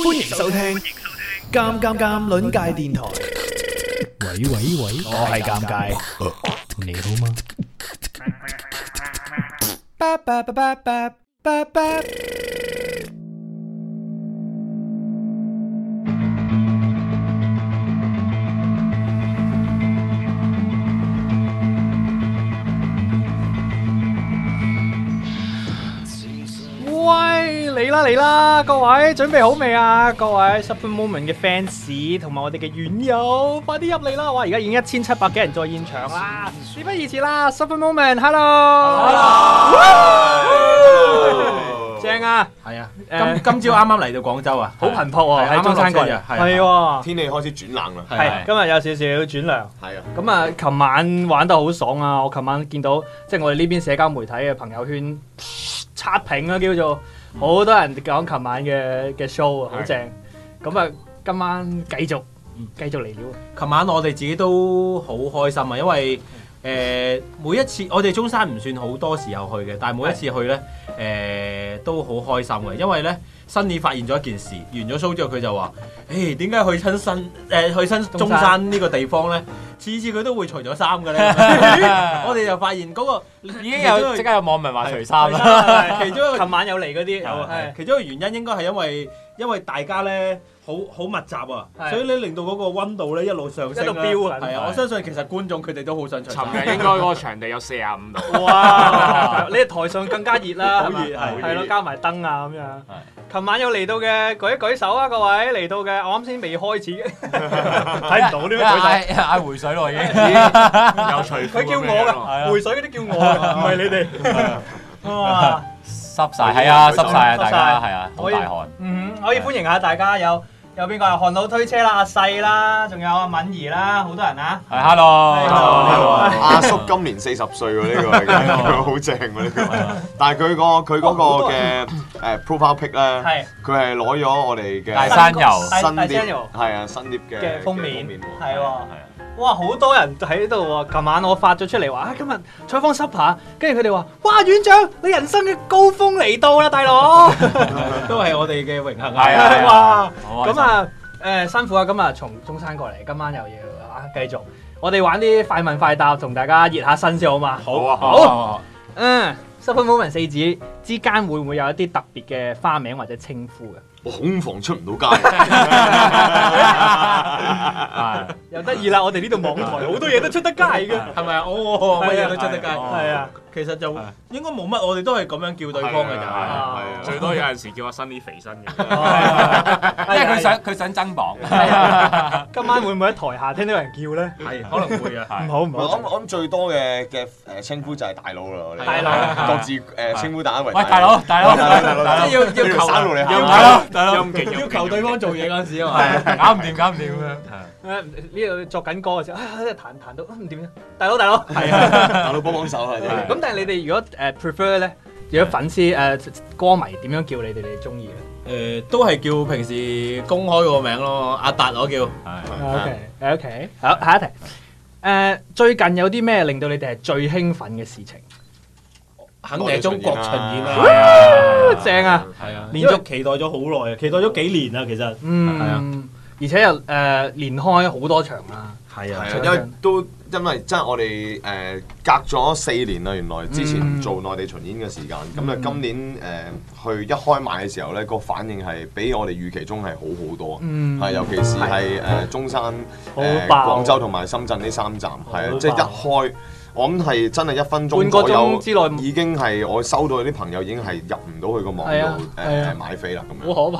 歡迎收聽《尷尷尷》輪界電台。喂喂喂，我係尷尬，你好嗎？嚟啦，各位準備好未啊？各位 Supper Moment 嘅 fans 同埋我哋嘅緣友，快啲入嚟啦！哇，而家已經一千七百幾人在現場啦，事不宜遲啦！Supper Moment，Hello，Hello，正啊，係啊，今今朝啱啱嚟到廣州啊，好頻撲喎，喺中山區啊，係，天氣開始轉冷啦，係，今日有少少轉涼，係啊，咁啊，琴晚玩得好爽啊！我琴晚見到即係我哋呢邊社交媒體嘅朋友圈刷屏啊，叫做。好多人講琴晚嘅嘅 show 啊，好正！咁啊，今晚繼續繼續嚟料。琴晚我哋自己都好開心啊，因為。誒、呃、每一次我哋中山唔算好多時候去嘅，但係每一次去呢，誒、呃、都好開心嘅。因為呢，新發現咗一件事，完咗 show 之後佢就話，誒點解去親新誒去親中山呢個地方呢？次次佢都會除咗衫嘅呢？」 我哋就發現嗰、嗰個已經有即刻有網民話除衫啦。 其中一個琴晚有嚟嗰啲，有其中一個原因應該係因為因為大家呢。好好密集啊，所以咧令到嗰個溫度咧一路上升，一個標啊！係啊，我相信其實觀眾佢哋都好想出。尋日應該嗰個場地有四十五度。哇！你喺台上更加熱啦，好熱。係咯，加埋燈啊咁樣。係。琴晚有嚟到嘅，舉一舉手啊，各位嚟到嘅，我啱先未開始嘅，睇唔到啲咩舉手，嗌回水咯已經，又隨。佢叫我㗎，回水嗰啲叫我㗎，唔係你哋。哇！濕晒係啊，濕晒啊，大家係啊，好大汗。嗯嗯，可以歡迎下大家有。有邊個啊？韓佬推車啦，阿細啦，仲有阿敏儀啦，好多人啊！係，hello。阿叔今年四十歲喎，呢個好正喎，呢個。但係佢個佢嗰個嘅誒 profile pic 咧，佢係攞咗我哋嘅大山遊新碟，係啊，新碟嘅封面，係喎。哇！好多人喺度啊。琴晚我發咗出嚟話，啊，今日採訪 Supper，跟住佢哋話：哇，院長，你人生嘅高峰嚟到啦，大佬！ 都係我哋嘅榮幸，啊！啊啊哇！咁那啊，誒辛苦啊！今日從中山過嚟，今晚又要啊繼續，我哋玩啲快問快答，同大家熱下身先好嘛？好啊！好，嗯 Supper Moment 四子之間會唔會有一啲特別嘅花名或者稱呼嘅？我恐防出唔到街，又得意啦！我哋呢度網台好多嘢都出得街嘅，係咪啊？哦，乜嘢都出得街，係 啊。 其實就應該冇乜，我哋都係咁樣叫對方嘅啫。最多有陣時叫阿 Sunny 啲肥身嘅，因為佢想佢想增磅。今晚會唔會喺台下聽到人叫咧？係可能會啊。唔好唔好。我諗最多嘅嘅誒稱呼就係大佬啦。大佬，各自誒稱呼大家為。喂，大佬，大佬，大佬，即係要要求大佬，大佬，要求對方做嘢嗰陣時啊嘛。搞唔掂，搞唔掂咁樣。呢度作緊歌嘅時候，喺度彈彈到唔點樣？大佬大佬，係 啊，大佬幫幫手 啊！咁 但係你哋如果誒、uh, prefer 咧，如果粉絲誒、uh, 歌迷點樣叫你哋你中意咧？誒、呃、都係叫平時公開個名咯，阿達我叫。 OK OK，好下一題。誒、呃、最近有啲咩令到你哋係最興奮嘅事情？肯定係中國巡演啦、啊， 正啊！係啊 為，連續期待咗好耐啊，期待咗幾年啊，其實嗯。 而且又誒、呃、連開好多場啦，係啊的上班，因為都因為即係我哋誒、呃、隔咗四年啦，原來之前做內地巡演嘅時間，咁啊、嗯、今年誒、呃、去一開賣嘅時候咧，個反應係比我哋預期中係好好多，係、嗯、尤其是係誒中山、誒爆廣州同埋深圳呢三站，係啊，即係爆一開。我諗係真係一分鐘左右半個鐘之內已經係我收到啲朋友已經係入唔到佢個網度誒買飛啦咁樣。好可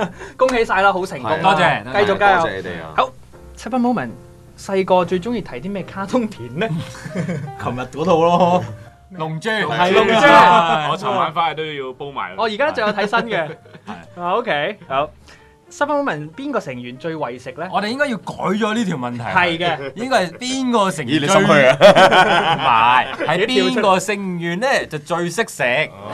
怕！恭喜晒啦，好成功，多謝，繼續加油。多謝你哋啊。好，Supper Moment，細個最中意睇啲咩卡通片咧？琴日嗰套咯，龍珠，龍珠。我尋晚翻去都要煲埋。我而家仲有睇新嘅。OK。好。想問邊個成員最為食咧？ 我哋應該要改咗呢條問題。係嘅的，應該係邊個成員啊？唔係、啊？係邊個成員咧就最識食？哦，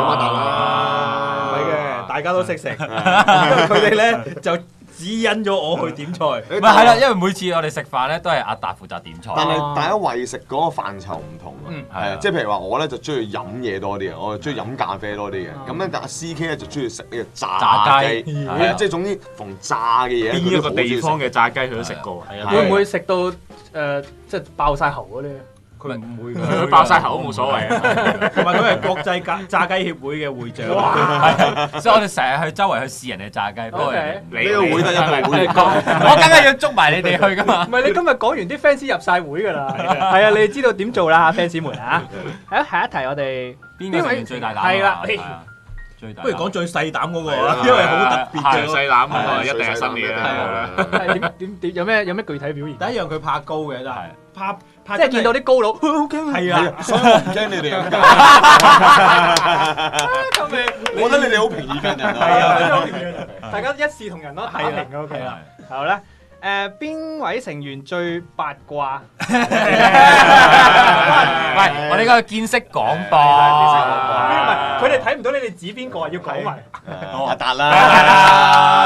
好核突啦！係嘅，大家都識食，因為佢哋咧就。指引咗我去點菜，唔係，係啦，因為每次我哋食飯咧都係阿達負責點菜。但係大家為食嗰個範疇唔同，係啊，即係譬如話我咧就中意飲嘢多啲嘅，我中意飲咖啡多啲嘅。咁樣，但，阿 CK 咧就中意食呢個炸雞，係啊，即係總之逢炸嘅嘢邊一個地方嘅炸雞佢都食過，會唔會食到誒即係爆晒喉嗰啲？佢唔會，佢爆晒口都冇所謂嘅。同埋佢係國際炸炸雞協會嘅會長，係，所以我哋成日去周圍去試人哋炸雞。不過你一個會，我更加要捉埋你哋去噶嘛？唔係你今日講完啲 fans 入晒會噶啦，係啊，你哋知道點做啦，fans 們啊！喺下一題我哋邊個係最大膽？不如講最細膽嗰個，因為好特別，最細膽啊，一定係新年啦。點點點，有咩有咩具體表現？第一樣佢怕高嘅，真係怕怕，即係見到啲高佬，好驚。係啊，所以我唔驚你哋。救命！我覺得你哋好平易近人啊，平大家一視同仁咯，太平嘅屋企啦。好咧。誒邊位成員最八卦？喂，係，我呢個見識廣播。唔係，佢哋睇唔到你哋指邊個，要講埋。阿達啦，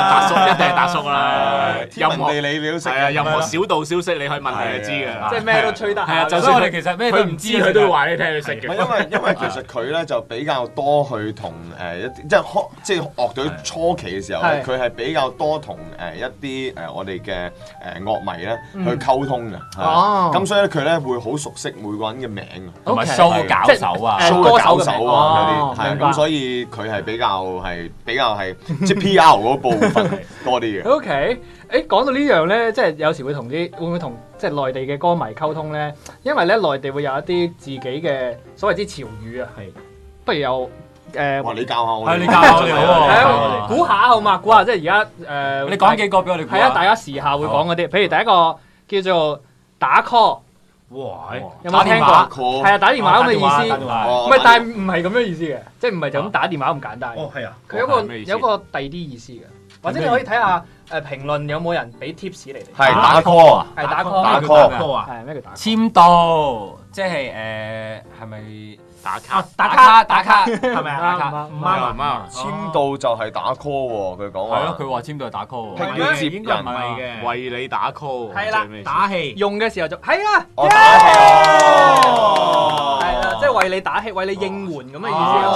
係，達叔一定係達叔啦。天南海北消息，任何小道消息，你可以問佢就知㗎啦。即係咩都吹得。係啊，就算其實咩佢唔知，佢都話你聽佢識嘅。因為因為其實佢咧就比較多去同誒一即係開即係樂隊初期嘅時候，佢係比較多同誒一啲誒我哋嘅。誒，樂迷咧去溝通嘅，哦，咁所以咧佢咧會好熟悉每個人嘅名，同埋搞手啊搞手啊啲，係啊，咁所以佢係比較係比較係即 P.R. 嗰部分多啲嘅。O.K. 誒，講到呢樣咧，即係有時會同啲會唔會同即係內地嘅歌迷溝通咧？因為咧內地會有一啲自己嘅所謂啲潮語啊，係，不如有。誒，你教下我。你教下我哋喎。估下好嘛？估下，即係而家誒。你講幾個俾我哋估下。係啊，大家時下會講嗰啲，譬如第一個叫做打 call。有冇聽過？係啊，打電話咁嘅意思。唔係，但係唔係咁樣意思嘅，即係唔係就咁打電話咁簡單。哦，係啊。佢有個有個第二啲意思嘅，或者你可以睇下誒評論有冇人俾 tips 嚟。係打 call 啊！係打 call，咩叫打 call 啊？簽到，即係誒，係咪？打卡，打卡，打卡，係咪啊？唔係唔係？簽到就係打 call 喎，佢講話。係咯，佢話簽到係打 call 喎。平時接人，唔係嘅。為你打 call。係啦，打氣。用嘅時候就係啊。哦。係啦，即係為你打氣，為你應援咁嘅意思，多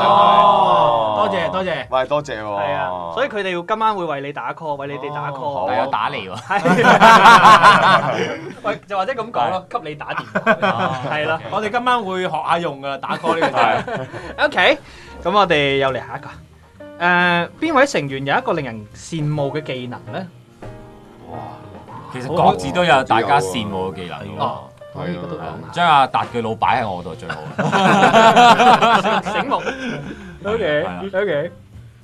謝多謝。唔多謝喎。係啊，所以佢哋要今晚會為你打 call，為你哋打 call，係啊，打嚟喎。就或者咁講咯，給你打電話，係啦。我哋今晚會學下用噶啦打 call 呢個嘢。OK，咁我哋又嚟下一個。誒，邊位成員有一個令人羨慕嘅技能咧？哇，其實各自都有大家羨慕嘅技能㗎。係，將阿達嘅腦擺喺我度最好啦。醒目，OK，OK。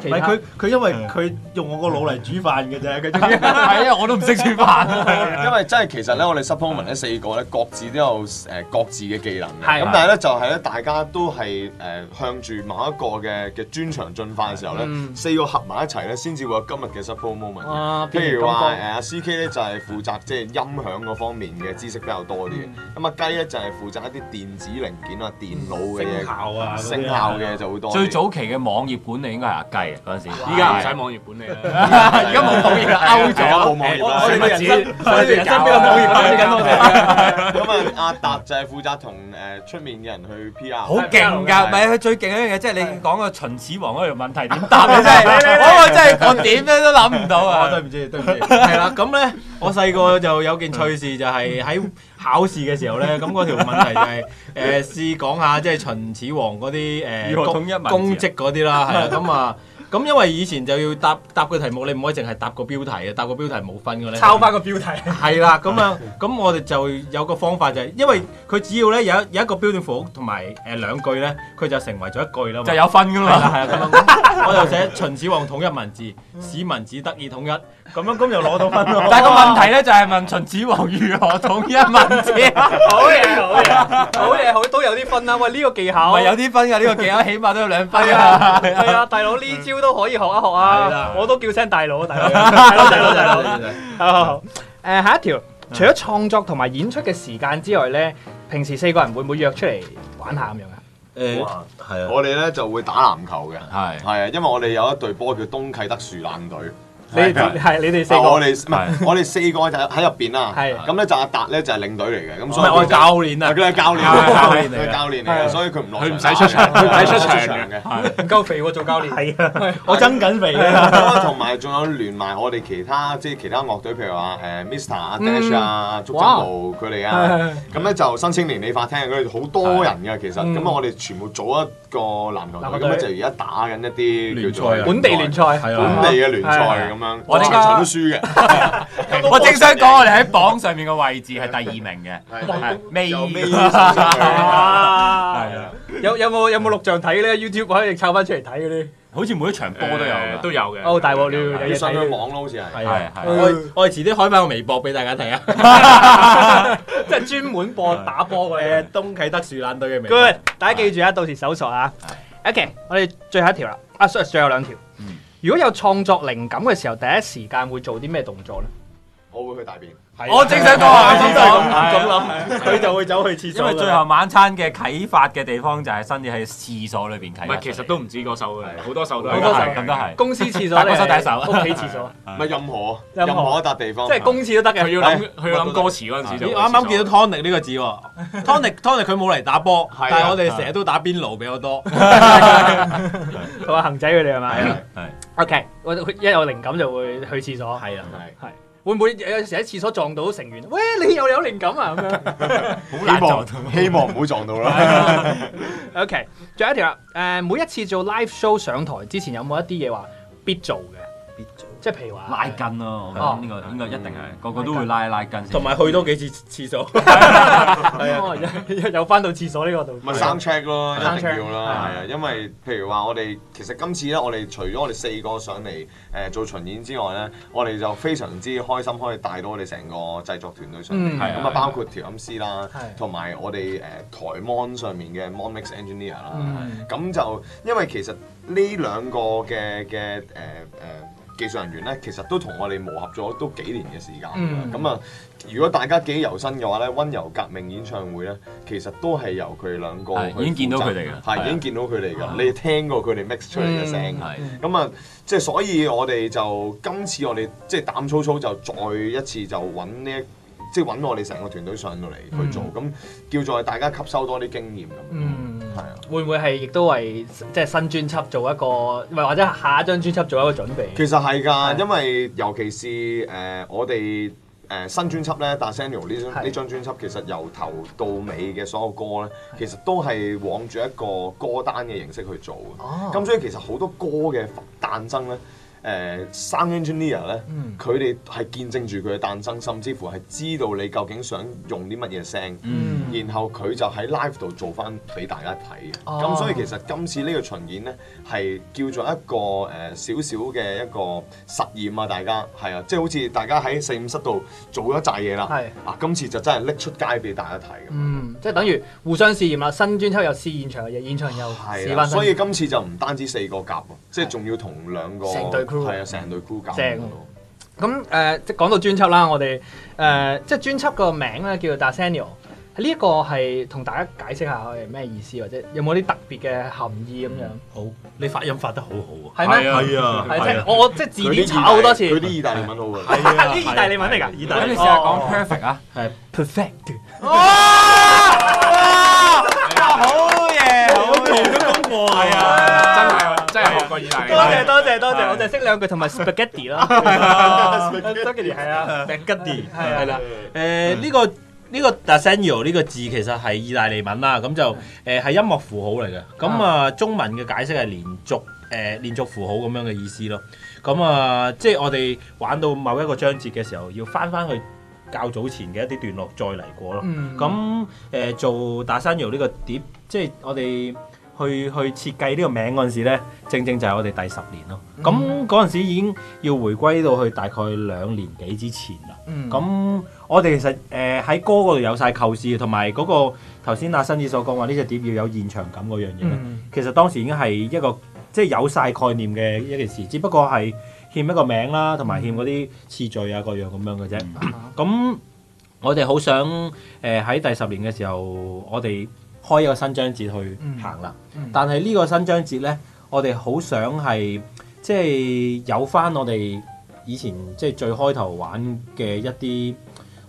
唔係佢，佢因為佢用我個腦嚟煮飯嘅啫。佢係啊，我都唔識煮飯。因為真係其實咧，我哋 Supper Moment 咧四個咧，各自都有誒各自嘅技能。咁但係咧，就係咧，大家都係誒向住某一個嘅嘅專長進化嘅時候咧，四個合埋一齊咧，先至會有今日嘅 Supper Moment。譬如話誒，阿 C K 咧就係負責即係音響嗰方面嘅知識比較多啲嘅。咁啊雞咧就係負責一啲電子零件啊、電腦嘅嘢效啊，聲效嘅就好多。最早期嘅網頁管理應該係阿雞嗰陣時，依家唔使網頁管理啦。而家網頁勾咗，我哋人生邊個網頁管理緊我哋？咁啊，阿達就係負責同誒出面嘅人去 PR。好勁㗎，唔係佢最勁一樣嘢，即係你講個秦始皇嗰條問題點答嘅啫。我真係我點樣都諗唔到啊！我都唔知，對唔住。係啦，咁咧，我細個就有件趣事，就係喺考試嘅時候咧，咁嗰條問題就係誒試講下，即係秦始皇嗰啲誒統一功績嗰啲啦，係啦，咁啊。咁因為以前就要答答個題目，你唔可以淨係答個標題呀，答個標題冇分嘅咧。抄翻個標題。係啦，咁樣，咁我哋就有個方法就係，因為佢只要咧有有一個標點符號同埋誒兩句咧，佢就成為咗一句啦。就有分㗎嘛。係啊，咁樣我就寫秦始皇統一文字，使文字得以統一，咁樣咁就攞到分咯。但係個問題咧就係問秦始皇如何統一文字。好嘢，好嘢，好嘢，好都有啲分啦。喂，呢個技巧。係有啲分㗎，呢個技巧起碼都有兩分啊。係啊，大佬呢招。都可以學一學啊！的我都叫聲大佬啊，大佬，大佬，大佬 好。好誒，下一條，除咗創作同埋演出嘅時間之外呢，平時四個人會唔會約出嚟玩下咁樣啊？誒、欸，係啊，我哋呢就會打籃球嘅，係係啊，因為我哋有一隊波叫東啟德樹籃隊。你係你哋四個，我哋唔係我哋四個就喺入邊啦。咁咧就阿達咧就係領隊嚟嘅，咁所以，唔係我教練啊。佢係教練啊，教練嚟，教練嚟嘅，所以佢唔落。唔使出場，佢唔使出場嘅。夠肥喎做教練。我增緊肥啊。同埋仲有聯埋我哋其他即係其他樂隊，譬如話誒 Mr. 啊、Dash 啊、觸執毛佢哋啊。咁咧就新青年理髮廳佢哋好多人嘅其實，咁啊我哋全部組一個籃球隊，咁咧就而家打緊一啲叫做本地聯賽，本地嘅聯賽。我呢幾場都輸嘅，我正想講我哋喺榜上面嘅位置係第二名嘅，未啊！係啊，有有冇有冇錄像睇咧？YouTube 可以抄翻出嚟睇嗰啲，好似每一場波都有嘅，都有嘅。哦，大鑊你要上網咯，好似係。係我哋遲啲開翻個微博俾大家睇啊，即係專門播打波嘅東啟德樹懶隊嘅名，大家記住啊，到時搜索啊。OK，我哋最後一條啦，啊，最後兩條。如果有創作靈感嘅時候，第一時間會做啲咩動作呢？我會去大便。我正想講啊！咁諗，佢就會走去廁所。因為最後晚餐嘅啟發嘅地方就係新嘢喺廁所裏邊啟發。唔係，其實都唔止嗰首嘅，好多首都係。好多首咁都係。公司廁所，大手大手，屋企廁所。唔係任何任何一笪地方。即係公廁都得嘅。佢要諗，佢要諗歌詞嗰陣時。我啱啱見到 Tony 呢個字喎。Tony，Tony 佢冇嚟打波，但係我哋成日都打邊爐比較多。佢話行仔佢哋係咪？係。OK，我一有靈感就會去廁所。係啊，係。係。會唔會有時喺廁所撞到成員？喂，你又有靈感啊！咁樣，希望 希望唔好撞到啦。 OK，仲有一條誒、呃，每一次做 live show 上台之前，有冇一啲嘢話必做嘅？即係譬如話拉筋咯，哦呢個應該一定係個個都會拉拉筋，同埋去多幾次廁所，係啊，有翻到廁所呢個度，咪三 check 咯，一定要啦，係啊，因為譬如話我哋其實今次咧，我哋除咗我哋四個上嚟誒做巡演之外咧，我哋就非常之開心可以帶到我哋成個製作團隊上嚟，咁啊包括調音師啦，同埋我哋誒台 Mon 上面嘅 Mon Mix Engineer 啦，咁就因為其實呢兩個嘅嘅誒誒。技術人員咧，其實都同我哋磨合咗都幾年嘅時間。咁啊、嗯，如果大家記憶猶新嘅話咧，溫柔革命演唱會咧，其實都係由佢哋兩個已經見到佢哋嘅，係的的已經見到佢哋嘅。的你聽過佢哋 mix 出嚟嘅聲，咁啊、嗯，即係、就是、所以我哋就今次我哋即係膽粗粗就再一次就揾呢一。即係揾我哋成個團隊上到嚟去做，咁、嗯、叫做大家吸收多啲經驗咁。嗯，係啊的。會唔會係亦都為即係新專輯做一個，唔係或者下一張專輯做一個準備？其實係㗎，的因為尤其是誒、呃、我哋誒、呃、新專輯咧，《Dazzling》呢張呢的張專輯，其實由頭到尾嘅所有歌咧，的其實都係往住一個歌單嘅形式去做嘅。咁、啊、所以其實好多歌嘅誕生咧。誒 sound engineer 咧，佢哋係見證住佢嘅誕生，甚至乎係知道你究竟想用啲乜嘢聲，然後佢就喺 live 度做翻俾大家睇嘅。咁所以其實今次呢個巡演咧，係叫做一個誒少少嘅一個實驗啊！大家係啊，即係好似大家喺實驗室度做咗一紮嘢啦，啊今次就真係拎出街俾大家睇嘅。嗯，即係等於互相試驗啦，新專輯又試現場，現場又試翻。所以今次就唔單止四個夾喎，即係仲要同兩個係啊，成對孤狗。正。咁誒，即講到專輯啦，我哋誒即專輯個名咧叫做《D'Agnello》，呢一個係同大家解釋下佢係咩意思，或者有冇啲特別嘅含義咁樣。好，你發音發得好好啊。係咩？係啊。係即我即即字典查好多次。佢啲意大利文好啊。係啊。啲意大利文嚟㗎。意大利。試下講 perfect 啊。係 perfect。啊！好嘢，好高級功課啊，真係。真係學過意大多謝多謝多謝，多謝多謝的我哋係識兩句同埋 spaghetti 啦。係啊，spaghetti 係啊 sangue 係啦。誒呢個呢、這個 Dal Segno 呢個字其實係意大利文啦，咁就誒係、呃、音樂符號嚟嘅。咁啊中文嘅解釋係連續誒、呃、連續符號咁樣嘅意思咯。咁啊即係、就是、我哋玩到某一個章節嘅時候，要翻翻去較早前嘅一啲段落再嚟過咯。咁誒、嗯嗯啊、做 Dal Segno 呢個碟，即係我哋。去去設計呢個名嗰陣時咧，正正就係我哋第十年咯。咁嗰陣時已經要回歸到去大概兩年幾之前啦。咁、嗯、我哋其實誒喺、呃、歌嗰度有晒構思，同埋嗰個頭先阿新子所講話呢隻碟要有現場感嗰樣嘢，嗯、其實當時已經係一個即係有晒概念嘅一件事，只不過係欠一個名啦，同埋欠嗰啲次序啊嗰樣咁樣嘅啫。咁、嗯、 我哋好想誒喺、呃、第十年嘅時候，我哋。開一個新章節去行啦，嗯嗯、但係呢個新章節咧，我哋好想係即係有返我哋以前即係、就是、最開頭玩嘅一啲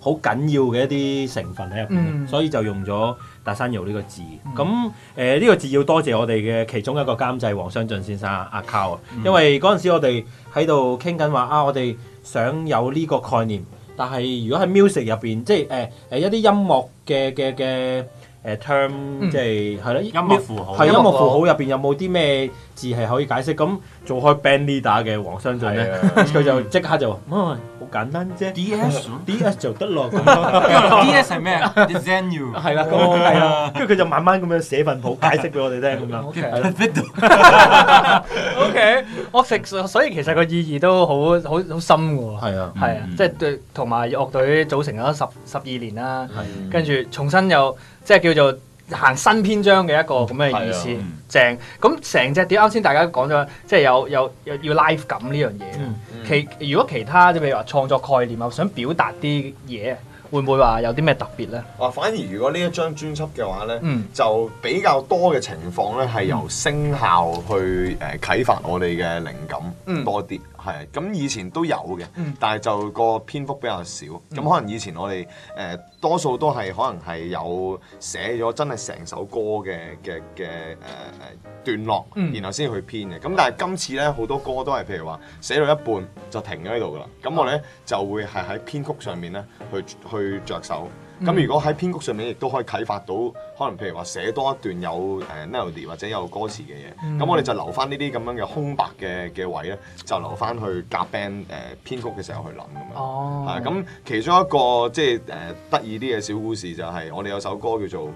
好緊要嘅一啲成分喺入邊，嗯、所以就用咗《大山遊》呢個字。咁誒呢個字要多謝我哋嘅其中一個監製王雙駿先生阿、啊、Cow，因為嗰陣時我哋喺度傾緊話啊，我哋想有呢個概念，但係如果喺 music 入邊，即係誒誒一啲音樂嘅嘅嘅。誒 term 即係係咯，音樂符號係音樂符號入邊有冇啲咩字係可以解釋？咁做開 band leader 嘅黃生俊咧，佢就即刻就話，唔好簡單啫，DS，DS 就得咯。DS 係咩？Dal Segno 係啦，咁係跟住佢就慢慢咁樣寫份譜解釋俾我哋聽咁樣。O K，我食，所以其實個意義都好好好深嘅喎。係啊，係啊，即係對同埋樂隊組成咗十十二年啦，跟住重新又。即係叫做行新篇章嘅一個咁嘅意思，啊，嗯、正。咁成隻碟啱先大家講咗，即係有有要 live 感呢樣嘢。嗯嗯、其如果其他即係譬如話創作概念啊，想表達啲嘢，會唔會話有啲咩特別咧？啊，反而如果呢一張專輯嘅話咧，嗯、就比較多嘅情況咧係由聲效去誒啟發我哋嘅靈感多啲。嗯係，咁以前都有嘅，嗯、但係就個篇幅比較少。咁、嗯、可能以前我哋誒、呃、多數都係可能係有寫咗真係成首歌嘅嘅嘅誒段落，嗯、然後先去編嘅。咁、嗯、但係今次咧好多歌都係譬如話寫到一半就停咗喺度㗎啦。咁我咧、嗯、就會係喺編曲上面咧去去着手。咁、嗯、如果喺編曲上面亦都可以啟發到，可能譬如話寫多一段有誒、uh, melody 或者有歌詞嘅嘢，咁、嗯、我哋就留翻呢啲咁樣嘅空白嘅嘅位咧，就留翻去夾 band 誒、uh, 編曲嘅時候去諗㗎嘛。哦，係咁，其中一個即係誒得意啲嘅小故事就係我哋有首歌叫做。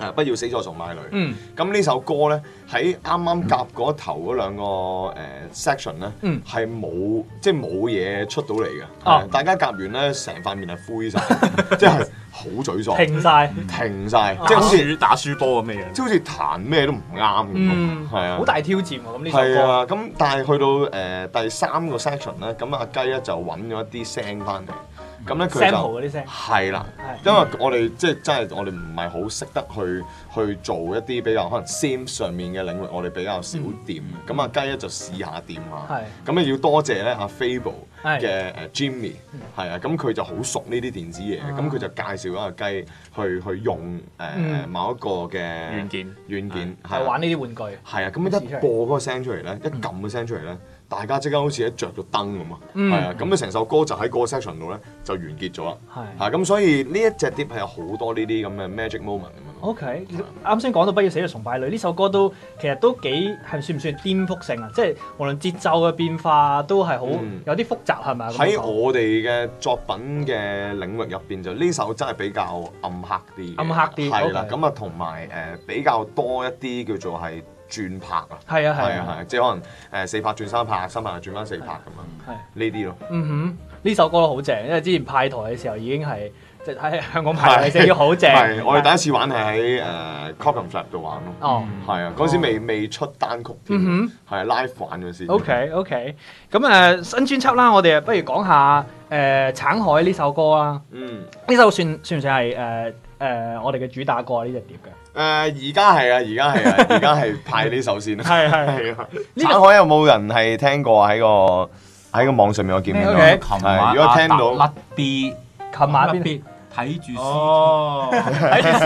誒、啊、不要死咗，送買女嗯，咁呢、嗯、首歌咧喺啱啱夾嗰頭嗰兩個、uh, section 咧，係冇即係冇嘢出到嚟嘅，啊、大家夾完咧成塊面係灰晒， 即係好沮喪，停晒，停曬，即係好似打輸波咁嘅，即係好似彈咩都唔啱咁，係、嗯、啊，好大挑戰喎，咁呢首歌，啊，咁但係去到誒、uh, 第三個 section 咧，咁阿雞咧就揾咗一啲聲翻嚟。咁咧佢就係啦，因為我哋即係真係我哋唔係好識得去去做一啲比較可能 Sam 上面嘅領域，我哋比較少掂。咁啊雞一就試下掂下，咁咧要多謝咧阿 Fable 嘅誒 Jimmy，係啊，咁佢就好熟呢啲電子嘢，咁佢就介紹咗阿雞去去用誒某一個嘅軟件，軟件係玩呢啲玩具，係啊，咁一播嗰個聲出嚟咧，一撳個聲出嚟咧。大家即刻好似一着咗燈咁啊！係啊、嗯，咁咧成首歌就喺個 section 度咧就完結咗啦。係啊的，咁所以呢一隻碟係有好多呢啲咁嘅 magic moment 咁樣咯。OK，啱先講到不要死在崇拜裡呢首歌都其實都幾係算唔算顛覆性啊？即係無論節奏嘅變化都係好、嗯、有啲複雜係咪？喺我哋嘅作品嘅領域入邊、嗯、就呢首真係比較暗黑啲。暗黑啲係啦，咁啊同埋誒比較多一啲叫做係。轉拍啊，係啊係啊係，即係可能誒四拍轉三拍，三拍又轉翻四拍咁樣，係呢啲咯。嗯哼，呢首歌都好正，因為之前派台嘅時候已經係即係喺香港派台嘅，真係好正。係，我哋第一次玩係喺誒 Clockenflap 度玩咯。哦，係啊，嗰時未未出單曲，嗯哼，係 live 玩咗先。OK OK，咁誒新專輯啦，我哋不如講下誒《橙海》呢首歌啦。嗯，呢首算算唔算係誒？誒，我哋嘅主打歌呢隻碟嘅。誒，而家係啊，而家係啊，而家係派呢首先。係係係。呢海有冇人係聽過，喺個喺個網上面我見到。琴晚，okay, 如果聽到 B、ah。乜 B？琴晚邊 B？睇住。哦。睇住，oh。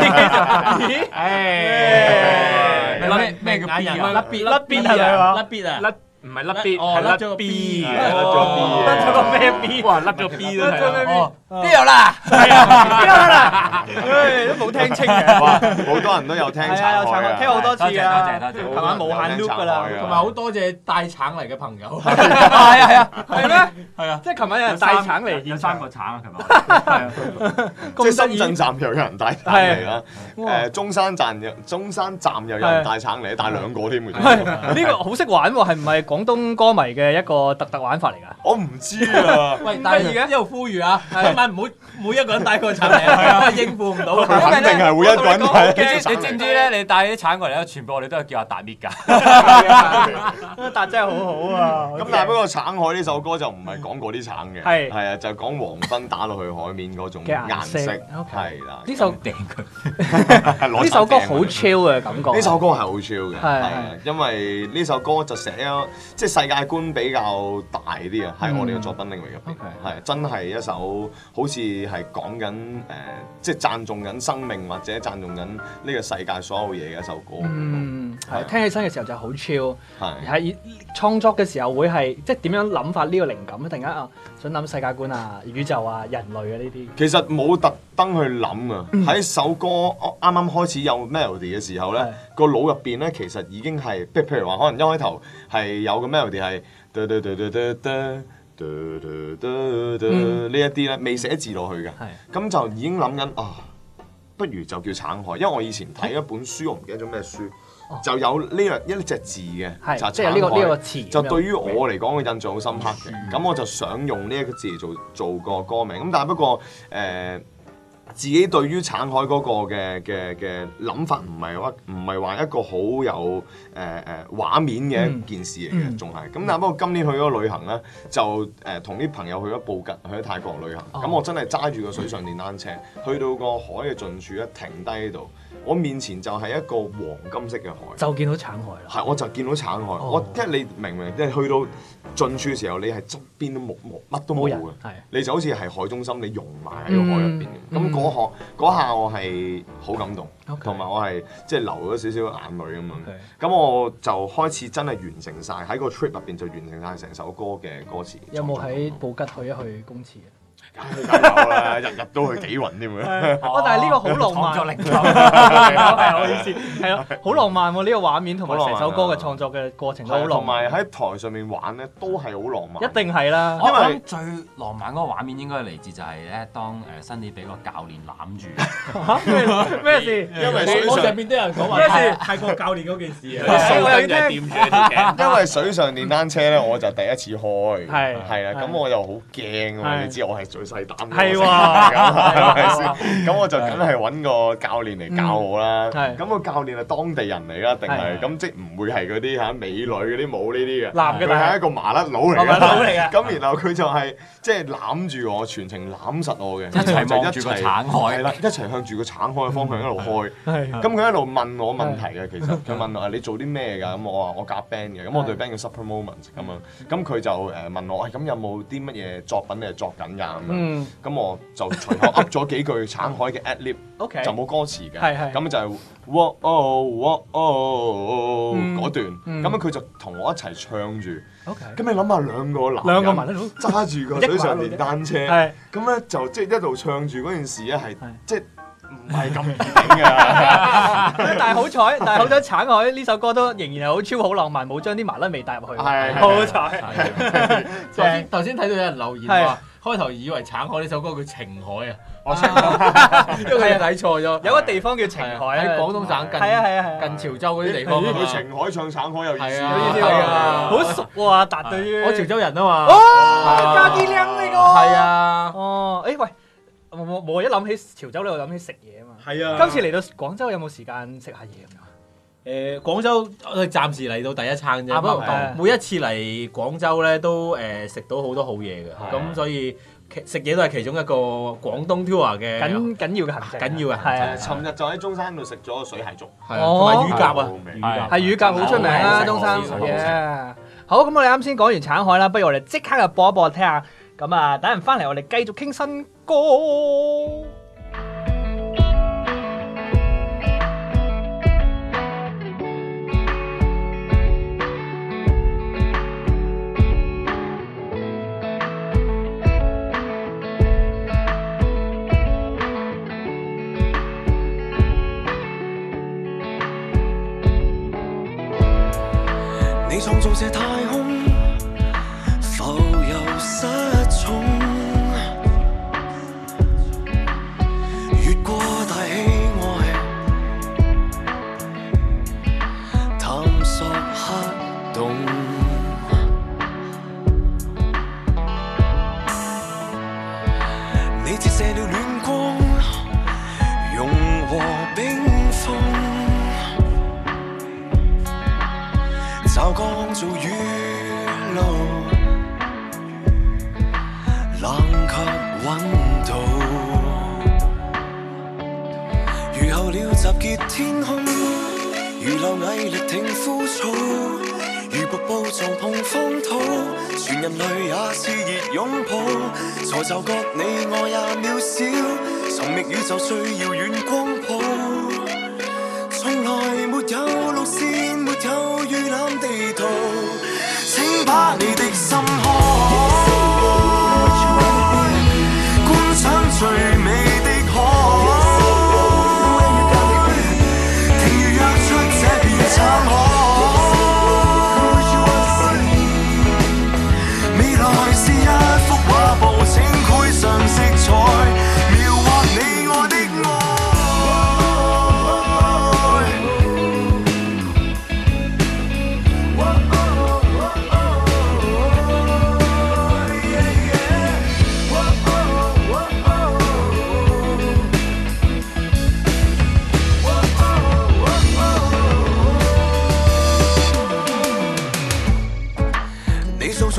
先。誒。咩咩叫 B？B 係咪啊？B 啊。唔係甩啲，係甩咗個 B 甩咗個咩 B？哇，甩咗 B 都係，掉啦，掉啦，都冇聽清嘅。好多人都有聽彩聽好多次嘅。多謝多謝，琴晚無限 loop 㗎啦？同埋好多謝帶橙嚟嘅朋友。係啊係啊，係咩？係啊，即係琴晚有人帶橙嚟，要三個橙啊，係嘛？即係深圳站又有人帶橙嚟啦，誒中山站又中山站又有人帶橙嚟，帶兩個添。呢個好識玩喎，係唔係？廣東歌迷嘅一個特特玩法嚟㗎，我唔知啊！喂，但係而家一路呼籲啊，係咪唔好每一個人帶個橙嚟，應付唔到。肯定係會一個人你知唔知咧？你帶啲橙過嚟咧，全部我哋都係叫阿達搣㗎。阿達真係好好啊！咁但係不過，橙海呢首歌就唔係講嗰啲橙嘅，係係啊，就講黃昏打落去海面嗰種顏色。OK，係啦，呢首呢首歌好 chill 嘅感覺。呢首歌係好 chill 嘅，係因為呢首歌就成。即係世界觀比較大啲啊，喺我哋嘅作品領域入邊，係、嗯 okay。真係一首好似係講緊誒、呃，即係讚頌緊生命或者讚頌緊呢個世界所有嘢嘅一首歌。嗯，係是是聽起身嘅時候就好 chill，係創作嘅時候會係即係點樣諗法呢個靈感咧？突然間啊！想諗世界觀啊、宇宙啊、人類啊呢啲，其實冇特登去諗啊。喺、嗯、首歌啱啱開始有 melody 嘅時候咧，的個腦入邊咧其實已經係，譬如譬如話可能一開頭係有個 melody 係，嗯、呢一啲咧未寫字落去嘅，咁、嗯、就已經諗緊啊，不如就叫橙海，因為我以前睇一本書，我唔的記得咗咩書。就有呢樣一隻字嘅，是就即係呢個呢、這個詞，就對於我嚟講嘅印象好深刻嘅。咁、嗯、我就想用呢一個字嚟做做個歌名。咁但係不過誒、呃，自己對於濱海嗰個嘅嘅嘅諗法唔係話唔係話一個好有誒誒畫面嘅一件事嚟嘅，仲係。咁、嗯嗯、但係不過今年去咗個旅行咧，就誒同啲朋友去咗布吉，去咗泰國旅行。咁、哦、我真係揸住個水上電單車，去到個海嘅盡處一停低喺度。我面前就係一個黃金色嘅海，就見到橙海啦。係，我就見到橙海。哦、我即係你明唔明？即係去到盡處嘅時候，你係側邊都冇冇乜都冇嘅。係。你就好似係海中心，你融埋喺個海入邊咁。咁嗰、嗯那個、下我係好感動，同埋、嗯、我係即係流咗少少眼淚咁樣。咁 okay, 我就開始真係完成晒，喺個 trip 入邊就完成晒成首歌嘅歌詞。有冇喺布吉去一去公廁？啦，日日都去幾揾添喎。哦，但係呢個好浪漫創作靈感，係意思好浪漫喎，呢個畫面同埋成首歌嘅創作嘅過程都好浪漫。同埋喺台上面玩咧都係好浪漫。一定係啦，我諗最浪漫嗰個畫面應該係嚟自就係咧，當誒新啲俾個教練攬住。咩事？因為水上邊都有人講話係係個教練嗰件事啊。因為水上電單車咧，我就第一次開，係係啦，咁我又好驚喎。你知我係係喎，係咪先？咁我就梗係揾個教練嚟教我啦。係。咁個教練係當地人嚟啦，定係咁即係唔會係嗰啲嚇美女嗰啲冇呢啲嘅。男嘅定係一個麻甩佬嚟嘅。佬嚟嘅。咁然後佢就係即係攬住我，全程攬實我嘅，一齊望住個橙海，一齊向住個橙海嘅方向一路開。係。咁佢一路問我問題嘅，其實佢問我啊，你做啲咩㗎？咁我話我夾 band 嘅，咁我對 band 嘅 Supper Moment 咁樣。咁佢就誒問我，咁有冇啲乜嘢作品你係作緊㗎？嗯，咁我就隨口噏咗幾句橙海嘅 ad lib，OK 就冇歌詞嘅，咁就係 woah woah 嗰段，咁樣佢就同我一齊唱住，咁你諗下兩個男人揸住個水上電單車，咁咧就即係一路唱住嗰件事咧係即係。唔係咁勁嘅，但係好彩，但係好彩。橙海呢首歌都仍然係好超好浪漫，冇將啲麻甩味帶入去。係，好彩。頭先睇到有人留言話，開頭以為橙海呢首歌叫澄海啊，我錯咗，因為睇錯咗。有個地方叫澄海喺廣東省，近，係啊，係啊係啊，近潮州嗰啲地方啊。咦？去澄海唱橙海有意思啊？好熟啊。阿達，對於我潮州人啊嘛。哦，加啲靚呢個。係啊。哦，哎喂。冇冇，一諗起潮州你又諗起食嘢啊嘛。係啊！今次嚟到廣州有冇時間食下嘢咁啊？誒，廣州我哋暫時嚟到第一餐啫。不過每一次嚟廣州咧，都誒食到好多好嘢嘅。咁所以食嘢都係其中一個廣東 tour 嘅緊緊要嘅行程。緊要啊！係啊！尋日就喺中山度食咗水蟹粥，同埋乳鴿啊，係乳鴿好出名啊！中山好咁，我哋啱先講完橙海啦，不如我哋即刻就播一播聽下。咁啊！等陣翻嚟，我哋繼續傾新歌。你創造這太。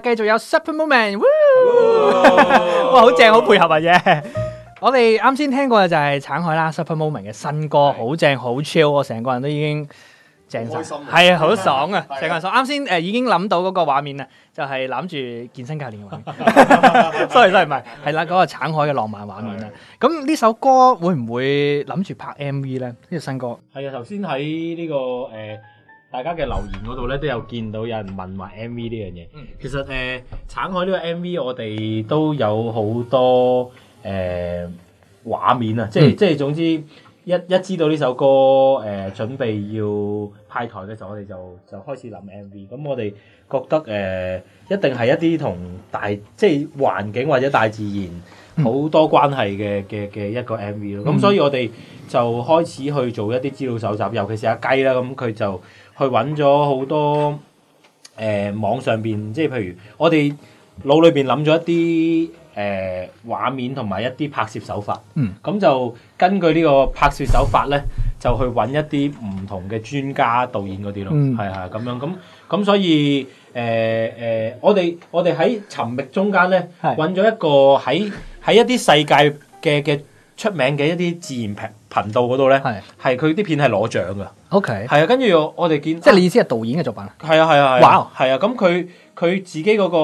繼續有 Supper Moment，哇好正，好配合啊！啫，我哋啱先聽過嘅就係橙海啦 Yeah. Supper Moment 嘅新歌，好正的，好 Chill，我成個人都已經正晒，係啊，好爽啊，成、嗯、個人爽。啱先誒，已經諗到嗰個畫面啦，就係攬住健身教練嘅畫面，sorry sorry，唔係，係啦嗰個橙海嘅浪漫畫面啦。咁呢對首歌會唔會諗住拍 MV 咧？呢個新歌係啊，頭先喺呢個誒。呃大家嘅留言嗰度咧，都有見到有人問話 M V 呢樣嘢。嗯、其實誒、呃，橙海呢個 M V 我哋都有好多誒、呃、畫面啊，即係、嗯、即係總之一一知道呢首歌誒、呃、準備要派台嘅時候，我哋就就開始諗 M V。咁我哋覺得誒、呃，一定係一啲同大即係環境或者大自然。好多關係嘅嘅嘅一個 MV 咯、嗯，咁所以我哋就開始去做一啲資料搜集，尤其是阿雞啦，咁佢就去揾咗好多誒、呃、網上邊，即係譬如我哋腦裏邊諗咗一啲誒、呃、畫面同埋一啲拍攝手法，咁、嗯、就根據呢個拍攝手法咧，就去揾一啲唔同嘅專家導演嗰啲咯，嗯，係啊咁樣，咁咁所以誒誒、呃呃，我哋我哋喺尋覓中間咧，揾咗的一個喺。喺一啲世界嘅嘅出名嘅一啲自然頻頻道嗰度咧，係，係佢啲片係攞獎嘅。OK，係啊，跟住我哋見，即係你意思係導演嘅作品啊？係啊係啊係，哇，係啊！咁佢佢自己嗰個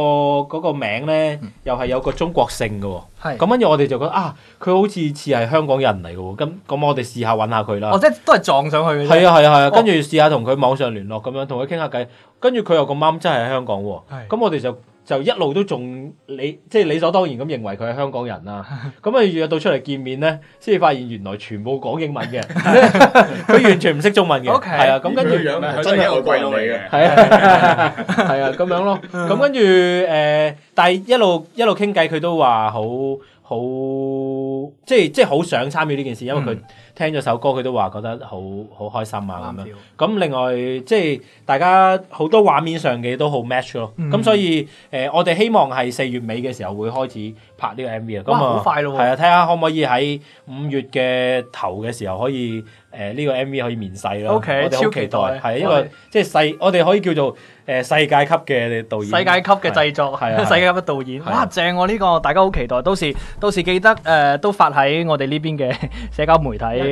嗰個名咧，又係有個中國姓嘅喎。咁跟住我哋就覺得啊，佢好似似係香港人嚟嘅喎。咁咁，我哋試下揾下佢啦。哦，即係都係撞上去嘅。係啊係啊係啊，跟住試下同佢網上聯絡咁樣，同佢傾下偈。跟住佢又咁啱，真係喺香港喎。係，咁我哋就。就一路都仲理，即、就、係、是、理所當然咁認為佢係香港人啦。咁啊約到出嚟見面咧，先至發現原來全部講英文嘅，佢 完全唔識中文嘅。o Okay ,係啊。咁他跟住着樣真係一個鬼佬嚟嘅。係 啊，係啊，咁、啊、樣咯。咁 跟住誒、呃，但係一路一路傾偈，佢都話好好，即係即係好想參與呢件事，因為佢。嗯。聽咗首歌，佢都話覺得好好開心啊咁樣。咁另外，即係大家好多畫面上嘅都好 match 咯。咁所以誒，我哋希望係四月尾嘅時候會開始拍呢個 MV 啊。哇，好快咯！係啊，睇下可唔可以喺五月嘅頭嘅時候可以誒呢個 MV 可以面世咯。OK，超期待係，因為即係世我哋可以叫做誒世界級嘅導演，世界級嘅製作，係世界級嘅導演。哇，正！我呢個大家好期待，到時到時記得誒都發喺我哋呢邊嘅社交媒體。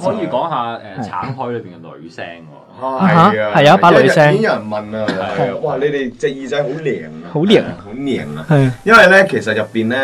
可以講下誒橙海裏邊嘅女聲喎，係啊，係有一把女聲，以前有人問啊，係啊，哇！你哋隻耳仔好靈啊，好靈，好靈啊，係。因為咧，其實入邊咧，